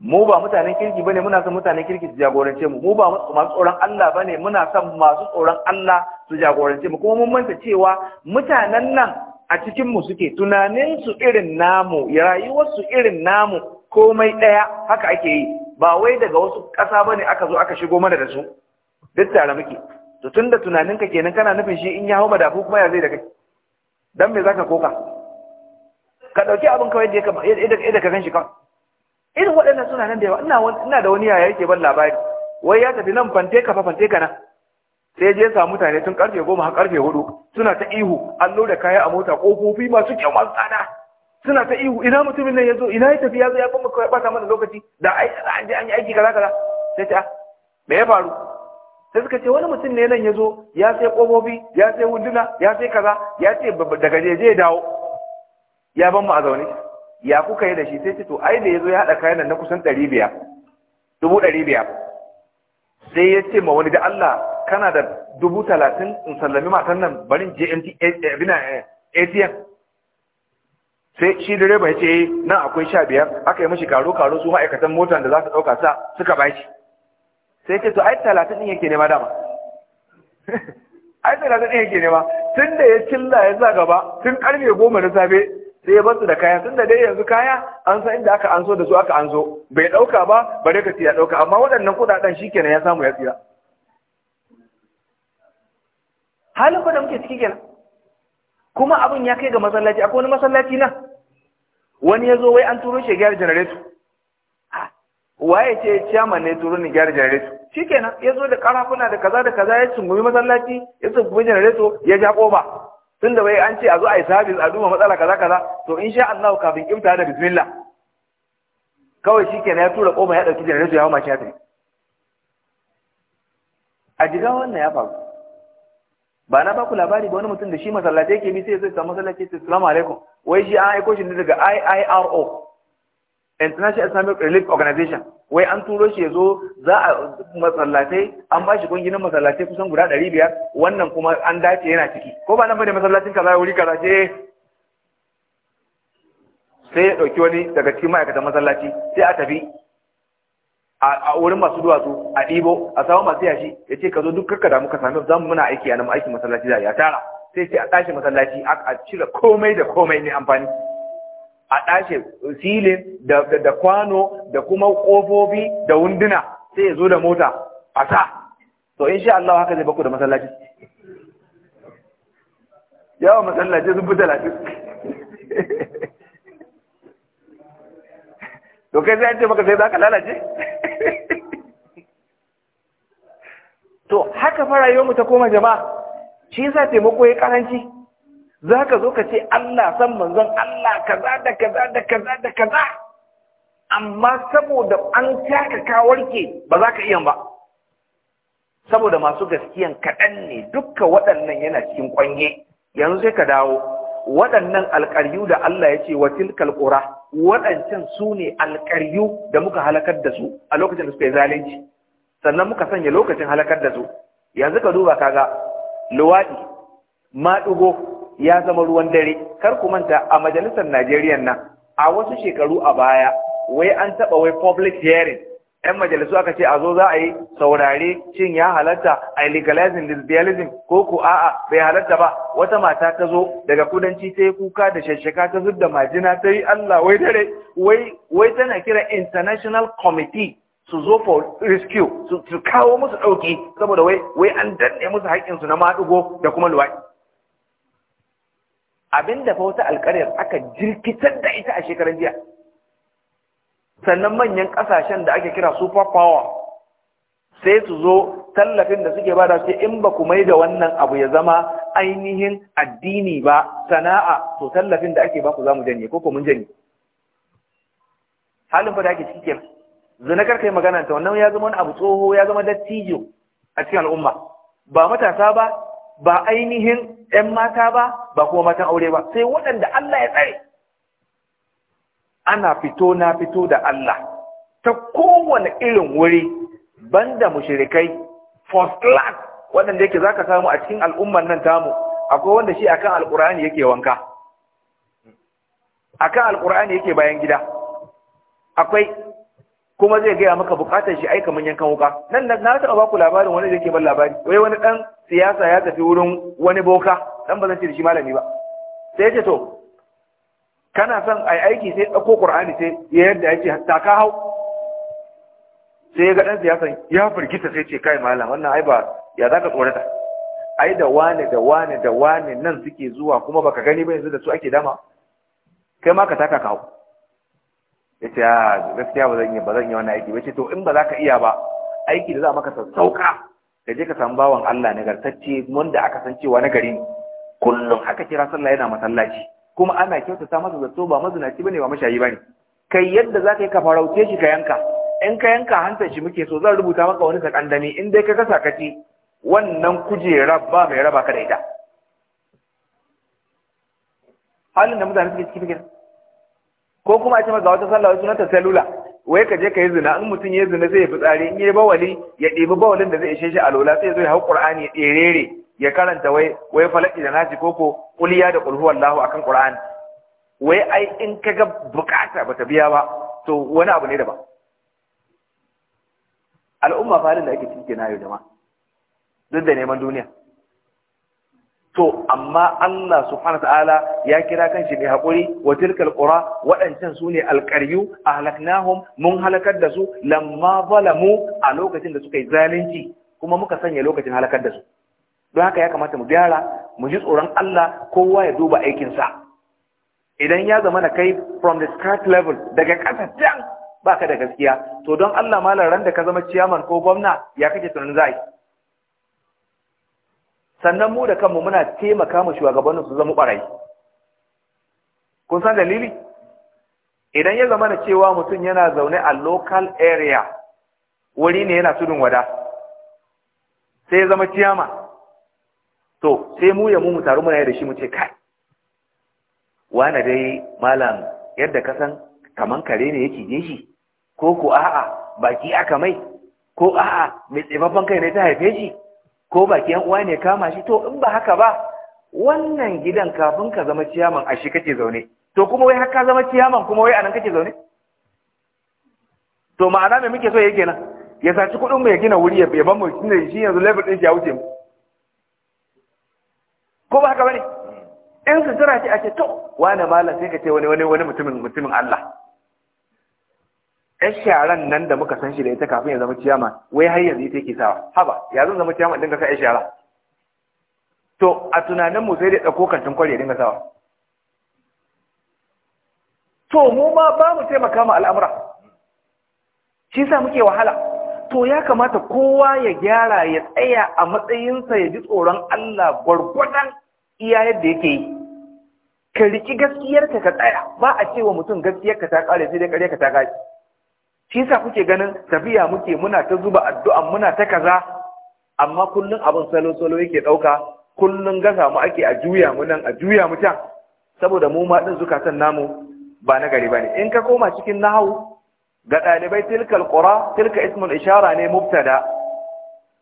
mu ba mutanen kirki bane muna son mutanen kirki su jagorance mu mu ba masu tsoron Allah bane muna son masu tsoron Allah su jagorance mu kuma mun manta cewa mutanen nan a cikin mu suke tunanin su irin namu rayuwar su irin namu komai daya haka ake yi ba wai daga wasu ƙasa bane aka zo aka shigo mana da su duk tare muke to tunda tunaninka kenan kana nufin shi in ya hau madafu kuma ya zai da kai dan me zaka koka ka dauki abin kawai da kama yadda ka ganshi kawai irin waɗannan suna nan da yawa ina da wani yaya yake ban labari wai ya tafi nan fante ka fa fante ka nan sai je sa mutane tun karfe goma har karfe hudu suna ta ihu an da kaya a mota kofofi masu kyau masu tsada suna ta ihu ina mutumin nan ya zo ina ya tafi ya zo ya bamba kawai bata mana lokaci da an je an yi aiki kaza kaza sai ta ah, me ya faru sai suka ce wani mutum ne nan ya zo ya sai kofofi ya sai wunduna ya sai kaza ya ce daga je je dawo ya ban mu a zaune ya kuka yi da shi sai ce to ai da ya zo ya haɗa kayan na kusan ɗari biyar dubu ɗari biyar sai ya ce ma wani da Allah kana da dubu talatin in sallami matan nan barin JMT eh, eh, bina eh, ATM sai shi direba ya ce nan akwai sha biyar aka yi mashi karo karo su ma'aikatan mota da za su ɗauka sa suka ba shi sai ce to ai talatin ɗin yake nema dama ai talatin ɗin yake nema tun da ya cilla ya za gaba tun karfe goma na safe sai ya basu da kaya tun da dai yanzu kaya an san inda aka anso da su aka anso bai ɗauka ba bare ka tiya ɗauka amma waɗannan kuɗaɗen shi kenan ya samu ya tsira halin da muke ciki kenan kuma abin ya kai ga masallaci akwai wani masallaci nan wani ya zo wai an turo shi gyara janareto waye ce chairman ne turo ni gyara janareto shikenan ya zo da karafuna da kaza da kaza ya tsungumi masallaci ya tsungumi janareto ya ja koba tun da bai an ce a zo a yi sabis a duba matsala kaza kaza to in sha Allah kafin imta da bismillah kawai shi kenan ya tura koma ya dauki janareto ya hawa mashi ya a jiga wannan ya faru ba na ba ku labari ba wani mutum da shi masallaci yake bi sai zai samu masallaci sai salamu alaikum wai shi an aiko shi daga IIRO international islamic relief organization wai an turo shi zo za a masallatai an ba shi kungiyar masallatai kusan guda ɗari biyar wannan kuma an dace yana ciki ko ba nan bane masallacin kaza wuri kaza ce sai ya dauki wani daga cikin ma'aikatan masallaci sai a tafi a wurin masu duwatsu a ɗibo a samu masu yashi ya ce ka zo duk karka damu ka sami za mu muna aiki a nan aikin masallaci za a tara sai sai a tashi masallaci a cire komai da komai ne amfani a ɗashe silin da kwano da kuma ƙofofi da wunduna sai ya zo da mota a sa to in sha Allah haka zai baku da masallaci yawan masallaci sun fi talatin to kai sai an ce maka sai za ka lalace to haka fara yi ta koma jama'a shi yasa taimako ya karanci za ka zo ka ce Allah san manzon Allah kaza da kaza da kaza da kaza amma saboda an taka ka warke ba za ka iya ba saboda masu gaskiyan kaɗan ne dukka waɗannan yana cikin kwanye yanzu sai ka dawo waɗannan alƙaryu da Allah ya ce wa tilkal qura waɗancan su ne alƙaryu da muka halakar da su a lokacin da suka yi zalunci sannan muka sanya lokacin halakar da su yanzu ka duba kaga luwaɗi maɗugo ya zama ruwan dare kar ku manta a majalisar Najeriya nan a wasu shekaru a baya wai an taba wai public hearing yan majalisu aka ce a zo za a yi saurare cin ya halatta a legalizing lesbianism ko ku a'a bai halatta ba wata mata ta zo daga kudanci ta yi kuka da shashaka ta zub da majina ta yi Allah wai dare wai wai tana kira international committee su zo for rescue su kawo musu ɗauki? saboda wai wai an danne musu haƙƙinsu na maɗugo da kuma luwaɗi abinda fa wata alƙaryar aka jirkitar da ita a shekaran jiya sannan manyan ƙasashen da ake kira super power sai su zo tallafin da suke ba da su in ba ku mai da wannan abu ya zama ainihin addini ba sana'a to tallafin da ake ba ku za mu janye ko mun janye halin fa da ake ciki zina yi magana ta wannan ya zama wani abu tsoho ya zama dattijo a cikin al'umma ba matasa ba ba ainihin ‘yan mata ba, ba kuma matan aure ba, sai waɗanda Allah ya tsare. Ana fito na fito da Allah ta kowane irin wuri banda mushirikai, first class waɗanda yake za ka samu a cikin al'ummar nan tamu, akwai wanda shi akan kan yake wanka, akan kan yake bayan gida. Akwai kuma zai gaya maka bukatar shi aika manyan kan wuka nan na taɓa baku labarin wani da yake ban labari wai wani dan siyasa ya tafi wurin wani boka dan ba zan ce da shi malami ba sai ya ce to kana son ai aiki sai ɗauko ƙur'ani sai ya yadda ya ce taka hau sai ya ga ɗan siyasan ya firgita sai ce kai malam wannan ai ba ya za ka tsorata ai da wane da wane da wane nan suke zuwa kuma baka gani ba yanzu da su ake dama kai ma ka taka ka hau ya ce a ah, gaskiya ba zan yi ba zan yi wani aiki ba to in ba za ka iya ba aiki da za maka sassauka ka je ka samu bawan Allah gartacce wanda aka san cewa na gari kullum aka kira sallah yana masallaci kuma ana kyautata masa zato ba mazinaci bane ba mashayi bane kai yadda za ka yi ka farauce shi ka yanka in ka yanka hantar shi muke so zan rubuta maka wani sakandami in dai ka kasa ci. wannan kujera ba mai raba ka da ita halin da mutane suke ciki fikin ko kuma a ce maka wata sallah wasu ta salula wai ka je ka yi zina in mutum ya zina zai fitsari in yi bawali ya ɗebi bawalin da zai ishe shi a lola sai zo ya hau ƙur'an ya ɗerere ya karanta wai wai falaki da ko ko ƙuliya da ƙulhu wallahu akan ƙur'an wai ai in ka kaga bukata bata biya ba to wani abu ne daban al'umma farin da ake cikin na yau jama'a duk da neman duniya to amma Allah subhanahu ta'ala ya kira kanshi mai hakuri, wa tilkal qura waɗancan su ne alƙaryu ahlaknahum mun halakar da su lamma zalamu a lokacin da suka yi zalunci kuma muka sanya lokacin halakar da su don haka ya kamata mu gyara mu ji tsoron Allah kowa ya duba aikin sa idan ya zama na kai from the start level daga ƙasa can baka da gaskiya to don Allah malam ran da ka zama ciyaman ko gwamna ya kake tunanin za sannan mu da kanmu muna taimaka mu shugabannin su zama ƙwarai. kun san dalili idan ya zama da cewa mutum yana zaune a local area wuri ne yana tudun wada sai ya zama ciyama to sai mu ya mu taru muna da shi mu ce kai wane dai malam yadda ka san kaman kare ne yake je shi ko ko a'a baki aka mai ko a'a mai tsibabban kai ne ta haife shi ko baki yan uwa ne kama shi to in ba haka ba wannan gidan kafin ka zama ciyaman a shi kake zaune to kuma wai haka zama ciyaman kuma wai anan kake zaune to ma'ana me muke so yake nan ya saci kuɗin mu ya gina wuri ya ban mu shi yanzu level din shi ya wuce mu ko ba haka bane in a ce ake to wani malam sai ka ce wani wani wani mutumin mutumin Allah yan sharan nan da muka san shi da ita kafin ya zama ciyama wai har yanzu ita yake sawa haba ya zan zama ciyama dinga sa yan shara to a tunanin mu sai da ɗauko kantin kwarya dinga sawa to mu ma ba mu taimaka ma al'amura shi sa muke wahala to ya kamata kowa ya gyara ya tsaya a matsayinsa ya ji tsoron Allah gwargwadon iya yadda yake yi ka riki gaskiyarka ka tsaya ba a cewa mutum gaskiyarka ta kare sai dai kare ka ta kare shi yasa kuke ganin tafiya muke muna ta zuba addu'an muna ta kaza amma kullun abin salo salo yake ɗauka, kullun gaza mu ake a juya mu nan a juya mu can saboda mu ma din zukatan namu ba na gari bane in ka koma cikin nahawu ga dalibai tilkal qura tilka al ishara ne mubtada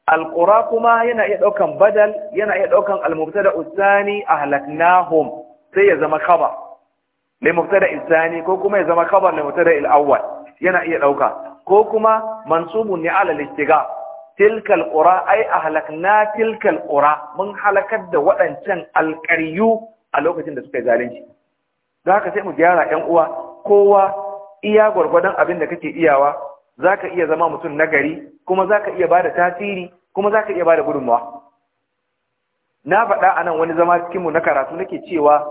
alqura kuma yana iya daukan badal yana iya daukan al-mubtada usani ahlaknahum sai ya zama khabar li mubtada isani ko kuma ya zama khabar li mubtada al awwal yana iya ɗauka ko kuma mansubun ne alal istiga tilkal qura ai ahlakna tilkal qura mun halakar da waɗancan alƙaryu a lokacin da suka yi zalunci don haka sai mu gyara ƴan uwa kowa iya gwargwadon abin da kake iyawa zaka iya zama mutum nagari kuma zaka iya bada tasiri kuma zaka iya bada gudunmawa na faɗa anan wani zama cikin mu na karatu nake cewa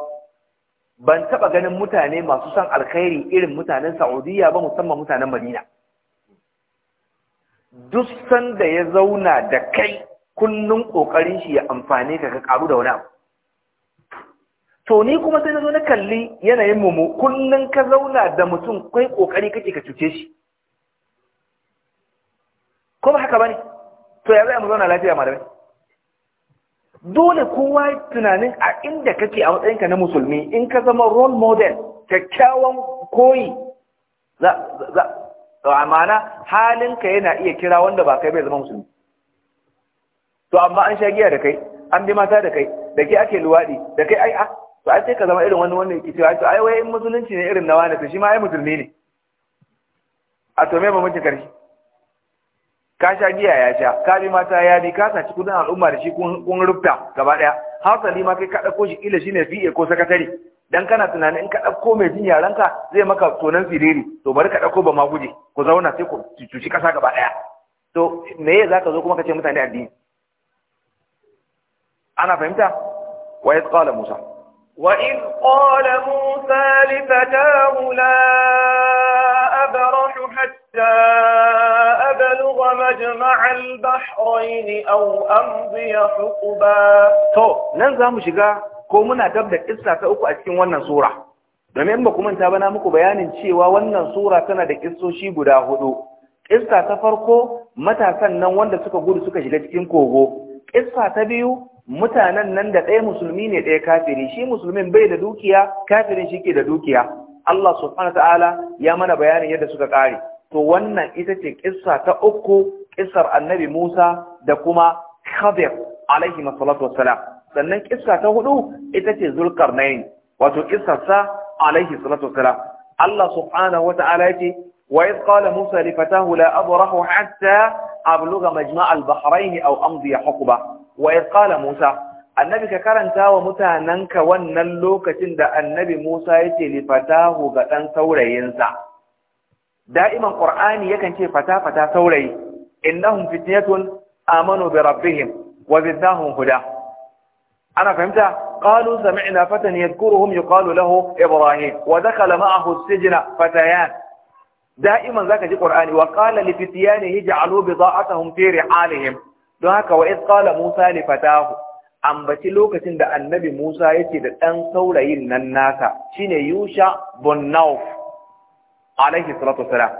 ban taba ganin mutane masu son alkhairi irin mutanen Saudiya ba musamman mutanen Madina duk sanda ya zauna da kai kunnun kokarin shi ya amfane ka ka karu da wani abu to ni kuma sai zo na kalli yanayin mu kullun ka zauna da mutum kai kokari kake ka cuce shi ko ba haka bane to ya zai mu zauna lafiya malamai dole kowa tunanin a inda kake a matsayinka na musulmi in ka zama role model kyakkyawan koyi amana halinka yana iya kira wanda ba kai bai zama musulmi to amma an sha giya da kai an bi mata da kai da ke ake luwaɗi da kai ai a ah, to ai sai ka zama irin wani wanda yake cewa to ai wai in musulunci ne irin na wani to shi ma ai musulmi ne a to me bambancin karshe ka sha giya ya sha ka bi mata ya bi ka saci kudin al'umma da shi kun rufta gaba daya hasali ma kai ka ɗauko shi kila shine fiye ko sakatare dan kana tunanin in ka ɗauko mai jin yaranka zai maka tonan siriri to bari ka ɗauko ba ma guje ku zauna sai ku cuci ƙasa gaba ɗaya to me ya zaka zo kuma ka ce mutane addini ana fahimta wa ya musa wa in qala musa li fatahu la abrahu hatta نبلغ مجمع البحرين أو أمضي حقبا تو ننزا مشيغا ko muna dab da kissa ta uku a cikin wannan sura domin ba ku manta ba na muku bayanin cewa wannan sura tana da kissoshi guda hudu kissa ta farko matasan nan wanda suka gudu suka shiga cikin kogo kissa ta biyu mutanen nan da ɗaya musulmi ne ɗaya kafiri shi musulmin bai da dukiya kafirin shi ke da dukiya Allah subhanahu ta'ala ya mana bayanin yadda suka ƙare to wannan ita ce kissa ta uku kissar annabi Musa da kuma Khadir alaihi masallatu wassalam sannan kissa ta hudu ita ce Zulkarnain wato kissar sa alaihi salatu wassalam Allah subhanahu wataala yace wa iz qala Musa li fatahu la abrahu hatta abluga majma' al-bahrayn aw amdi hukba wa iz qala Musa annabi ka karanta wa mutananka wannan lokacin da annabi Musa yace li fatahu ga dan saurayinsa دائما قرآني يكنتي فتا فتا سولي إنهم فتنة آمنوا بربهم وزدناهم هدى أنا فهمت قالوا سمعنا فتى يذكرهم يقال له إبراهيم ودخل معه السجن فتيان دائما ذاك في قرآني وقال لفتيانه جعلوا بضاعتهم في رحالهم دهك وإذ قال موسى لفتاه أم baci lokacin da annabi Musa yake da dan saurayin nan nasa shine alaihi salatu wasalam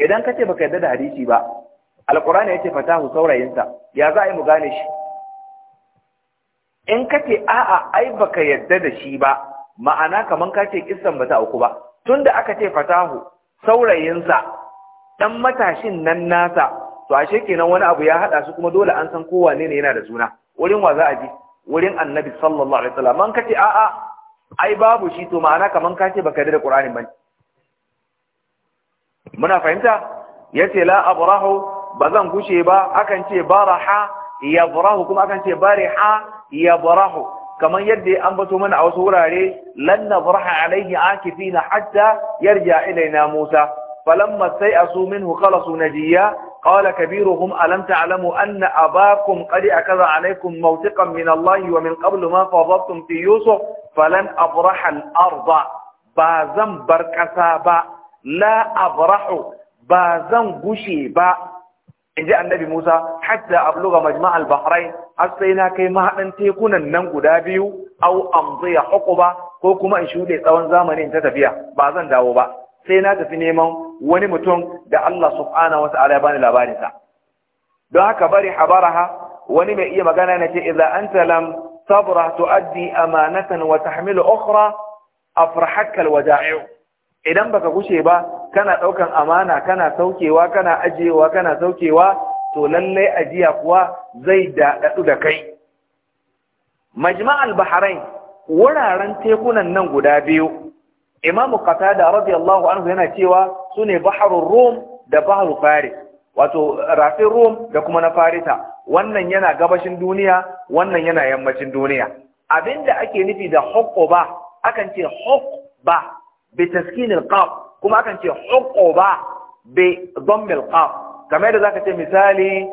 idan kace baka yadda da hadisi ba alqur'ani yace fatahu saurayinsa ya za a yi mu gane shi in kace a'a ai baka yadda da shi ba ma'ana kaman kace kissan bata uku ba tunda aka ce fatahu saurayinsa dan matashin nan nasa to ashe kenan wani abu ya hada su kuma dole an san kowanne ne yana da suna wurin wa za a ji wurin annabi sallallahu alaihi wasallam man kace a'a ai babu shi to ma'ana kaman kace baka yadda da Qur'ani bane muna fahimta ya ce la abrahu ba zan gushe ba akan ce baraha ya abrahu kuma akan ce bariha ya abrahu kamar yadda an bato mana a wasu wurare lan nabraha alayhi akifina hatta yarja ilayna musa falamma sai asu minhu khalasu najiya qala kabiruhum alam ta'lamu anna abakum qad akaza alaykum mawtiqan min allah wa min qabl ma fadhabtum fi yusuf falan abraha arba ba zan bar kasa ba la abrahu ba zan gushe ba inji annabi Musa hatta abluga majma'al bahrain har sai na kai mahadin tekunan nan guda biyu au amziya hukuba ko kuma in shuɗe tsawon zamanin ta tafiya ba zan dawo ba sai na tafi neman wani mutum da Allah subhanahu wa ta'ala ya bani labarin sa don haka bari habaraha wani mai iya magana na ce idza anta lam sabra tuaddi amanatan wa tahmilu ukhra afrahaka alwada'i idan baka kushe ba kana ɗaukan amana kana saukewa kana ajiyewa kana saukewa to lallai ajiya kuwa zai daɗaɗu da kai majma'al bahrain wuraren tekunan nan guda biyu Imam qatada radiyallahu anhu yana cewa sune bahrul rum da bahrul faris wato rafin rum da kuma na farisa wannan yana gabashin duniya wannan yana yammacin duniya abinda ake nufi da hukuba akan ce hukuba بتسكين القاف كما كانت شيء بضم القاف كما ذاك شيء مثالي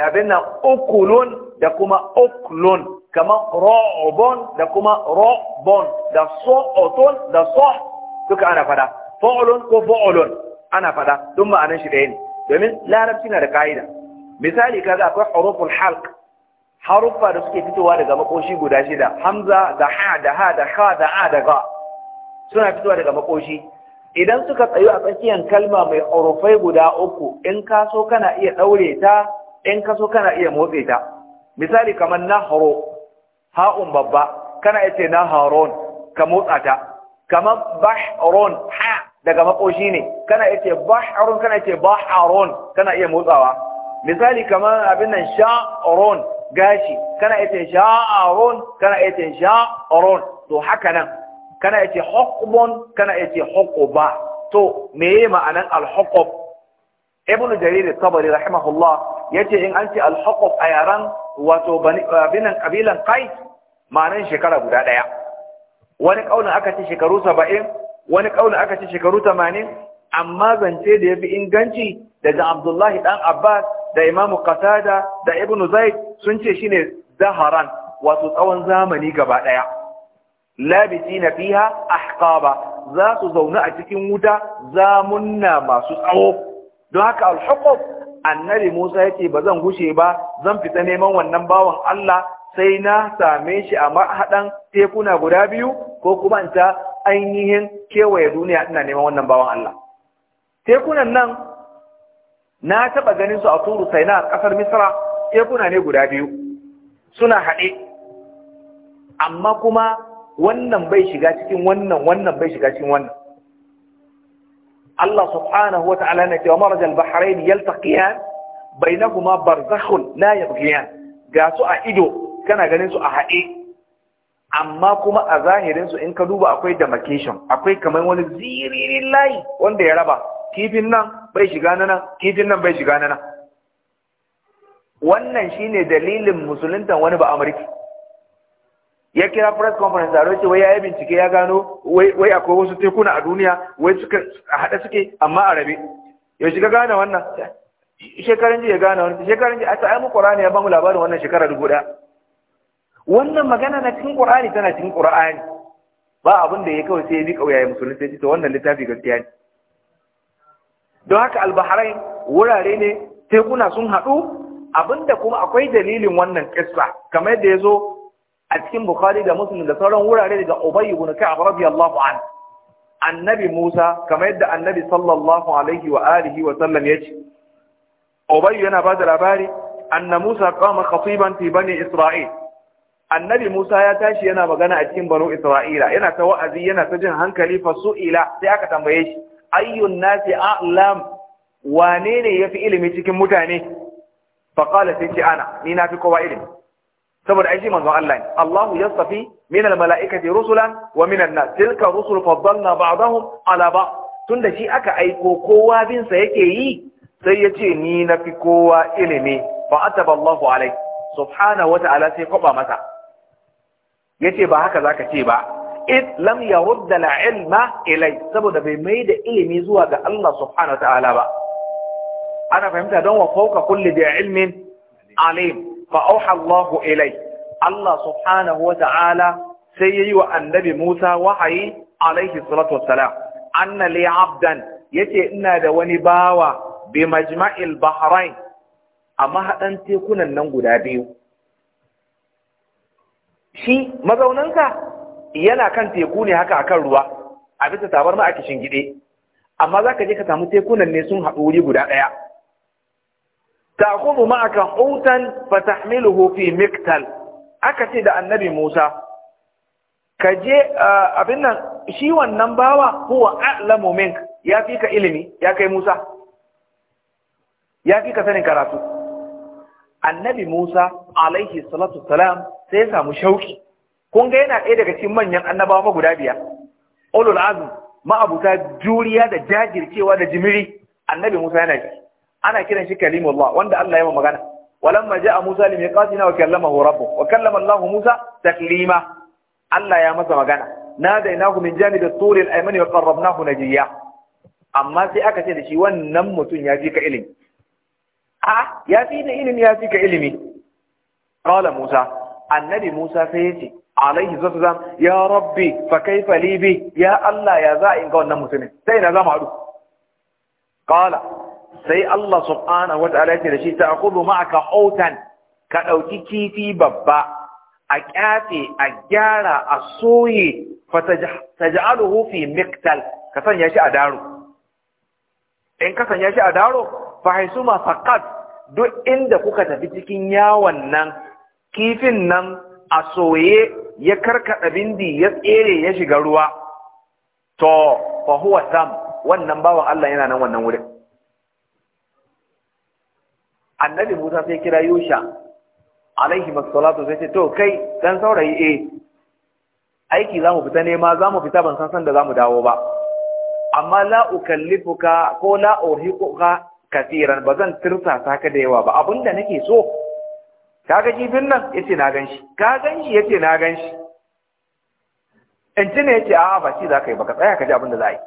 عبنا آه، أكل دكما أكل كما رعب دكما رعب دا صوت دا صح تك أنا فدا فعل كفعل أنا فدا ثم أنا شرين يمين لا نبتنا دكايدا مثالي كذا أكو حروف الحلق حروف فارسكي تتوارد غمقوشي بوداشي دا حمزة دا حا دا ها دا خا دا ها دا غا suna fitowa daga makoshi idan suka tsayu a tsakiyar kalma mai orofai guda uku in ka so kana iya ɗaure ta in ka so kana iya motse ta misali kamar na naharo ha'un babba kana iya ce na naharon ka motsa ta kamar bahron ha daga makoshi ne kana iya ce bahron kana iya ce baharon kana iya motsawa misali kamar abin nan sha'ron gashi kana iya ce sha'aron kana iya ce sha'ron to haka nan kana yace huqbun kana yace huquba to meye ma'anan al-huqub ibnu jarir at-tabari rahimahullah yace in an ce al a yaran wato binan kabilan kai ma'anan shekara guda daya wani kaulin aka ce shekaru 70 wani kaulin aka ce shekaru 80 amma zance da yafi inganci daga abdullahi dan abbas da imamu qatada da ibnu zaid sun ce shine zaharan wato tsawon zamani gaba daya labisina fiha ahqaba za su zauna a cikin wuta zamunna masu tsawo don haka al annabi Musa yace ba zan gushe ba zan fita neman wannan bawan Allah sai na same shi a mahadan tekuna guda biyu ko kuma in ta ainihin kewaye duniya ina neman wannan bawan Allah tekunan nan na taba ganin su a turu saina a kasar Misra tekuna ne guda biyu suna haɗe amma kuma wannan bai shiga cikin wannan wannan bai shiga cikin wannan Allah subhanahu wata'ala na cewa marajal bahrain yaltaqiyan bainahuma barzakhun la yabghiyan ga su a ido kana ganin su a haɗe amma kuma a zahirin su in ka duba akwai demarcation akwai kamar wani ziririn layi wanda ya raba kifin nan bai shiga nan kifin nan bai shiga nan wannan shine dalilin musuluntan wani ba amurki ya kira press conference a ce wai yayi bincike ya gano wai akwai wasu tekuna a duniya wai suka hada suke amma a rabe Ya shiga gane wannan shekaran ji ya gane wannan shekaran ji a sai mu qur'ani ya bamu labarin wannan shekara dubu daya wannan magana na cikin qur'ani tana cikin qur'ani ba abin da ya kawai sai ya bi ƙauyaye musulunci sai to wannan littafi gaskiya ne don haka al wurare ne tekuna sun hadu abinda kuma akwai dalilin wannan kissa kamar yadda ya zo a cikin bukhari da muslim da sauran wurare daga ubay ibn ka'ab radiyallahu anhu annabi musa kamar yadda annabi sallallahu alaihi wa alihi wa sallam yace ubay yana ba da labari anna musa qama khatiban fi bani isra'il annabi musa ya tashi yana magana a cikin banu isra'ila yana ta wa'azi yana ta jin hankali fa su'ila sai aka tambaye shi ayyun nasi a'lam wane ne yafi ilimi cikin mutane fa sai ce ana ni na fi kowa ilimi saboda ai shi manzon Allah ne Allahu yastafi min almalaikati rusulan wa min annas tilka rusul faddalna ba'dahum ala ba'd tunda shi aka aiko kowa bin sa yake yi sai yace ni na fi kowa ilimi fa ataba Allahu alai subhana wa ta'ala sai koba masa yace ba haka zaka ce ba id lam yarudda al-ilma ilai saboda bai mai da ilimi zuwa ga Allah subhana wa ta'ala ba ana fahimta don wa fawqa kulli bi ilmin alim fa auha Allahu ilai Allah subhanahu wa ta'ala sai yayi wa annabi Musa wahayi alaihi salatu wassalam anna li abdan yace ina da wani bawa bi majma'il bahrain a mahaɗan tekunan nan guda biyu shi mazaunanka yana kan teku ne haka akan ruwa a bisa tabar ma a kishin gide amma za ka je ka samu tekunan ne sun haɗu wuri guda ɗaya ta'khudhu ma'aka hutan fatahmiluhu fi miktal aka ce da annabi Musa ka je abin nan shi wannan bawa huwa a'lamu mink ya fika ilimi ya kai Musa ya sanin karatu annabi Musa alaihi salatu salam sai ya samu shauki kun ga yana ɗaya daga cikin manyan annabawa ma guda biyar ulul azm ma'abuta juriya da jajircewa da jimiri annabi Musa yana ji ana kiran shi kalimullah wanda Allah ya yi magana walamma ja'a Musa limiqatina wa kallamahu rabbuh wa kallama Allah Musa taklima Allah ya masa magana nadainahu min janibi at-tur al-ayman wa qarrabnahu najiya amma sai aka ce da shi wannan mutum ya fi ka ilimi a ya fi da ilimi ya fi ka ilimi qala Musa annabi Musa sai ya ce alaihi zafzam ya rabbi fa kaifa li bi ya Allah ya za in ga wannan mutumin sai na zama haɗu qala sai Allah subhanahu wataala ya ce da shi kudu ma'aka hautan ka ɗauki kifi babba a kyafe a gyara a soye fa taj'aluhu fi miqtal ka sanya shi a daro in ka sanya shi a daro fa ma faqat duk inda kuka tafi cikin yawon nan kifin nan a soye ya karkada bindi ya tsere ya shiga ruwa to fa huwa sam wannan bawan Allah yana nan wannan wurin annabi Musa sai kira Yusha alaihi masallatu sai ce to kai dan saurayi eh aiki zamu fita nema zamu fita ban san san da zamu dawo ba amma la ukallifuka ko la urhiquka katiran bazan tirsa saka da yawa ba abinda nake so kaga kifin nan yace na ganshi ka ganshi yace na ganshi in ne yace a, ba shi ka yi ba ka tsaya ka ji abinda za yi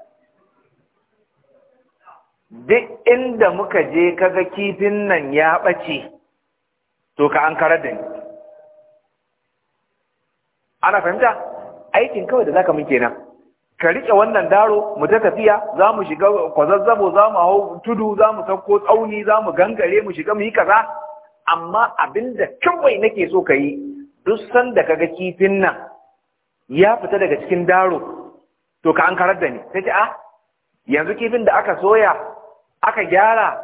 duk inda muka je kaga kifin nan ya ɓace to ka an karar da ni ana fahimta aikin kawai da zaka mun nan. ka riƙe wannan daro mu ta tafiya za mu shiga kwazazzabo za mu hau tudu za mu sauko tsauni za mu gangare mu shiga mu yi kaza amma abinda kawai nake so ka yi duk sanda kaga kifin nan ya fita daga cikin daro to ka an karar da ni sai ce a ah, yanzu kifin da aka soya aka gyara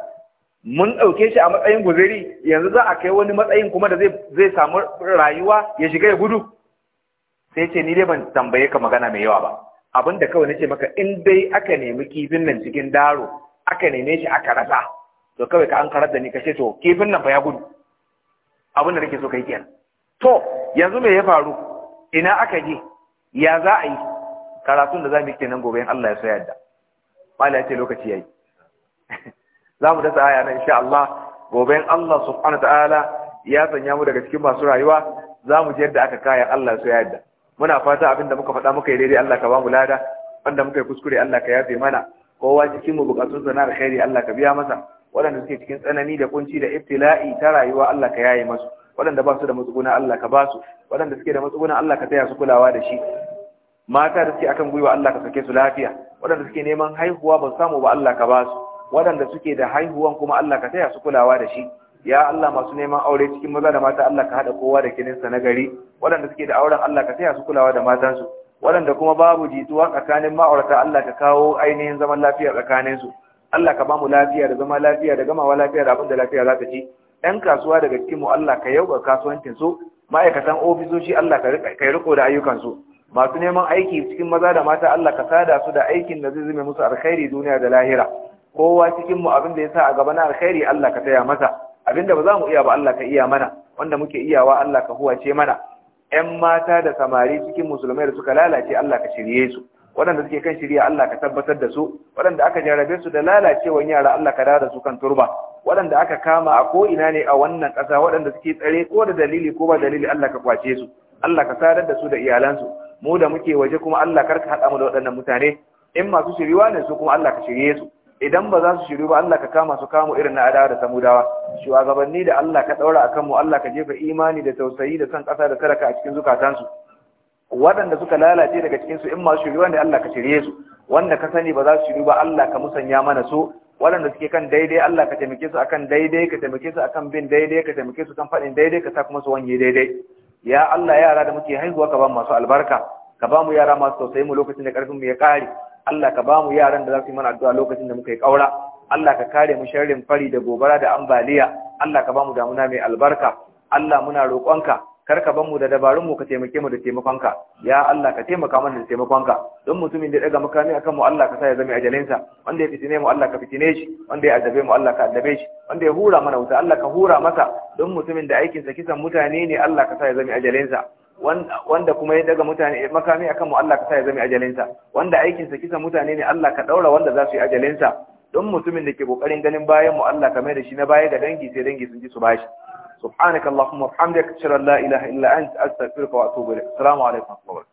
mun ɗauke shi a matsayin guzuri yanzu za a kai wani matsayin kuma da zai samu rayuwa ya shiga ya gudu sai ce ni dai ban tambaye ka magana mai yawa ba abin da kawai nace maka in dai aka nemi kifin nan cikin daro aka neme shi aka rasa to kawai ka an karar da ni ka ce to kifin nan fa ya gudu abin da nake so kai kenan to yanzu me ya faru ina aka je ya za a yi karatun da za mu yi kenan gobe in Allah ya so yadda. Mala ya ce lokaci yayi za mu dasa aya na insha Allah gobe in Allah subhanahu ta'ala ya sanya mu daga cikin masu rayuwa za mu ji yadda aka kaya Allah su yadda muna fata abinda muka faɗa muka yi daidai Allah ka ba mu lada wanda muka yi kuskure Allah ka yafe mana kowa cikin mu bukatun sana da khairi Allah ka biya masa waɗanda suke cikin tsanani da kunci da iftila'i ta rayuwa Allah ka yaye masu waɗanda ba su da matsuguna Allah ka ba su waɗanda suke da matsuguna Allah ka taya su kulawa da shi mata da suke akan gwiwa Allah ka sake su lafiya waɗanda suke neman haihuwa ba samu ba Allah ka ba su waɗanda suke da haihuwan kuma Allah ka taya su kulawa da shi ya Allah masu neman aure cikin maza da mata Allah ka haɗa kowa da kininsa na gari waɗanda suke da auren Allah ka taya su kulawa da matansu waɗanda kuma babu jituwa tsakanin ma'aurata Allah ka kawo ainihin zaman lafiya tsakaninsu Allah ka bamu lafiya da zama lafiya da gamawa lafiya da abin da lafiya za ta ci ɗan kasuwa daga cikinmu Allah ka yauka kasuwancin su ma'aikatan ofisoshi Allah ka riko da ayyukansu masu neman aiki cikin maza da mata Allah ka sada su da aikin da zai zame musu alkhairi duniya da lahira kowa cikin mu abin da ya sa a gaba na alkhairi Allah ka taya masa abinda ba za mu iya ba Allah ka iya mana wanda muke iyawa Allah ka huwace mana ƴan mata da samari cikin musulmai da suka lalace Allah ka shirye su waɗanda suke kan shirya Allah ka tabbatar da su waɗanda aka jarabe su da lalacewan yara Allah ka dawo su kan turba waɗanda aka kama a ko ina ne a wannan ƙasa waɗanda suke tsare ko da dalili ko ba dalili Allah ka kwace su Allah ka sadar da su da iyalansu mu da muke waje kuma Allah karka haɗa mu da waɗannan mutane in masu shiriwa ne su kuma Allah ka shirye su idan ba za su shiru ba Allah ka kama su kama irin na adawa da samudawa shugabanni da Allah ka daura akan mu Allah ka jefa imani da tausayi da san kasa da karaka a cikin zukatansu waɗanda suka lalace daga cikin su in ma shiru ne Allah ka shirye su wanda ka sani ba za su shiru ba Allah ka musanya mana su waɗanda suke kan daidai Allah ka taimake su akan daidai ka taimake su akan bin daidai ka taimake su kan faɗin daidai ka sa kuma su wanye daidai ya Allah yara da muke haihuwa ka ba mu masu albarka ka ba mu yara masu tausayi mu lokacin da karfin mu ya kare Allah ka ba mu yaran da za su yi mana addu'a lokacin da muka yi ƙaura Allah ka kare mu sharrin fari da gobara da ambaliya Allah ka ba mu damuna mai albarka Allah muna roƙonka kar ka mu da dabarun mu ka taimake mu da taimakonka ya Allah ka taimaka mana da taimakonka don mutumin da ya daga makami akan mu Allah ka sa ya zama ajalinsa wanda ya fitine mu Allah ka fitine shi wanda ya addabe mu Allah ka addabe shi wanda ya hura mana wuta Allah ka hura masa don mutumin da aikinsa kisan mutane ne Allah ka sa ya zama ajalinsa wanda kuma ya daga mutane makami akan mu Allah ka sa ya zama ajalinsa wanda aikin sa kisan mutane ne Allah ka daura wanda za su yi ajalinsa don mutumin da ke kokarin ganin bayan mu Allah ka mai da shi na baya ga dangi sai dangi sun ji su bashi subhanakallahumma wa bihamdika ashhadu an la ilaha illa anta astaghfiruka wa atubu ilaik assalamu alaikum wa rahmatullahi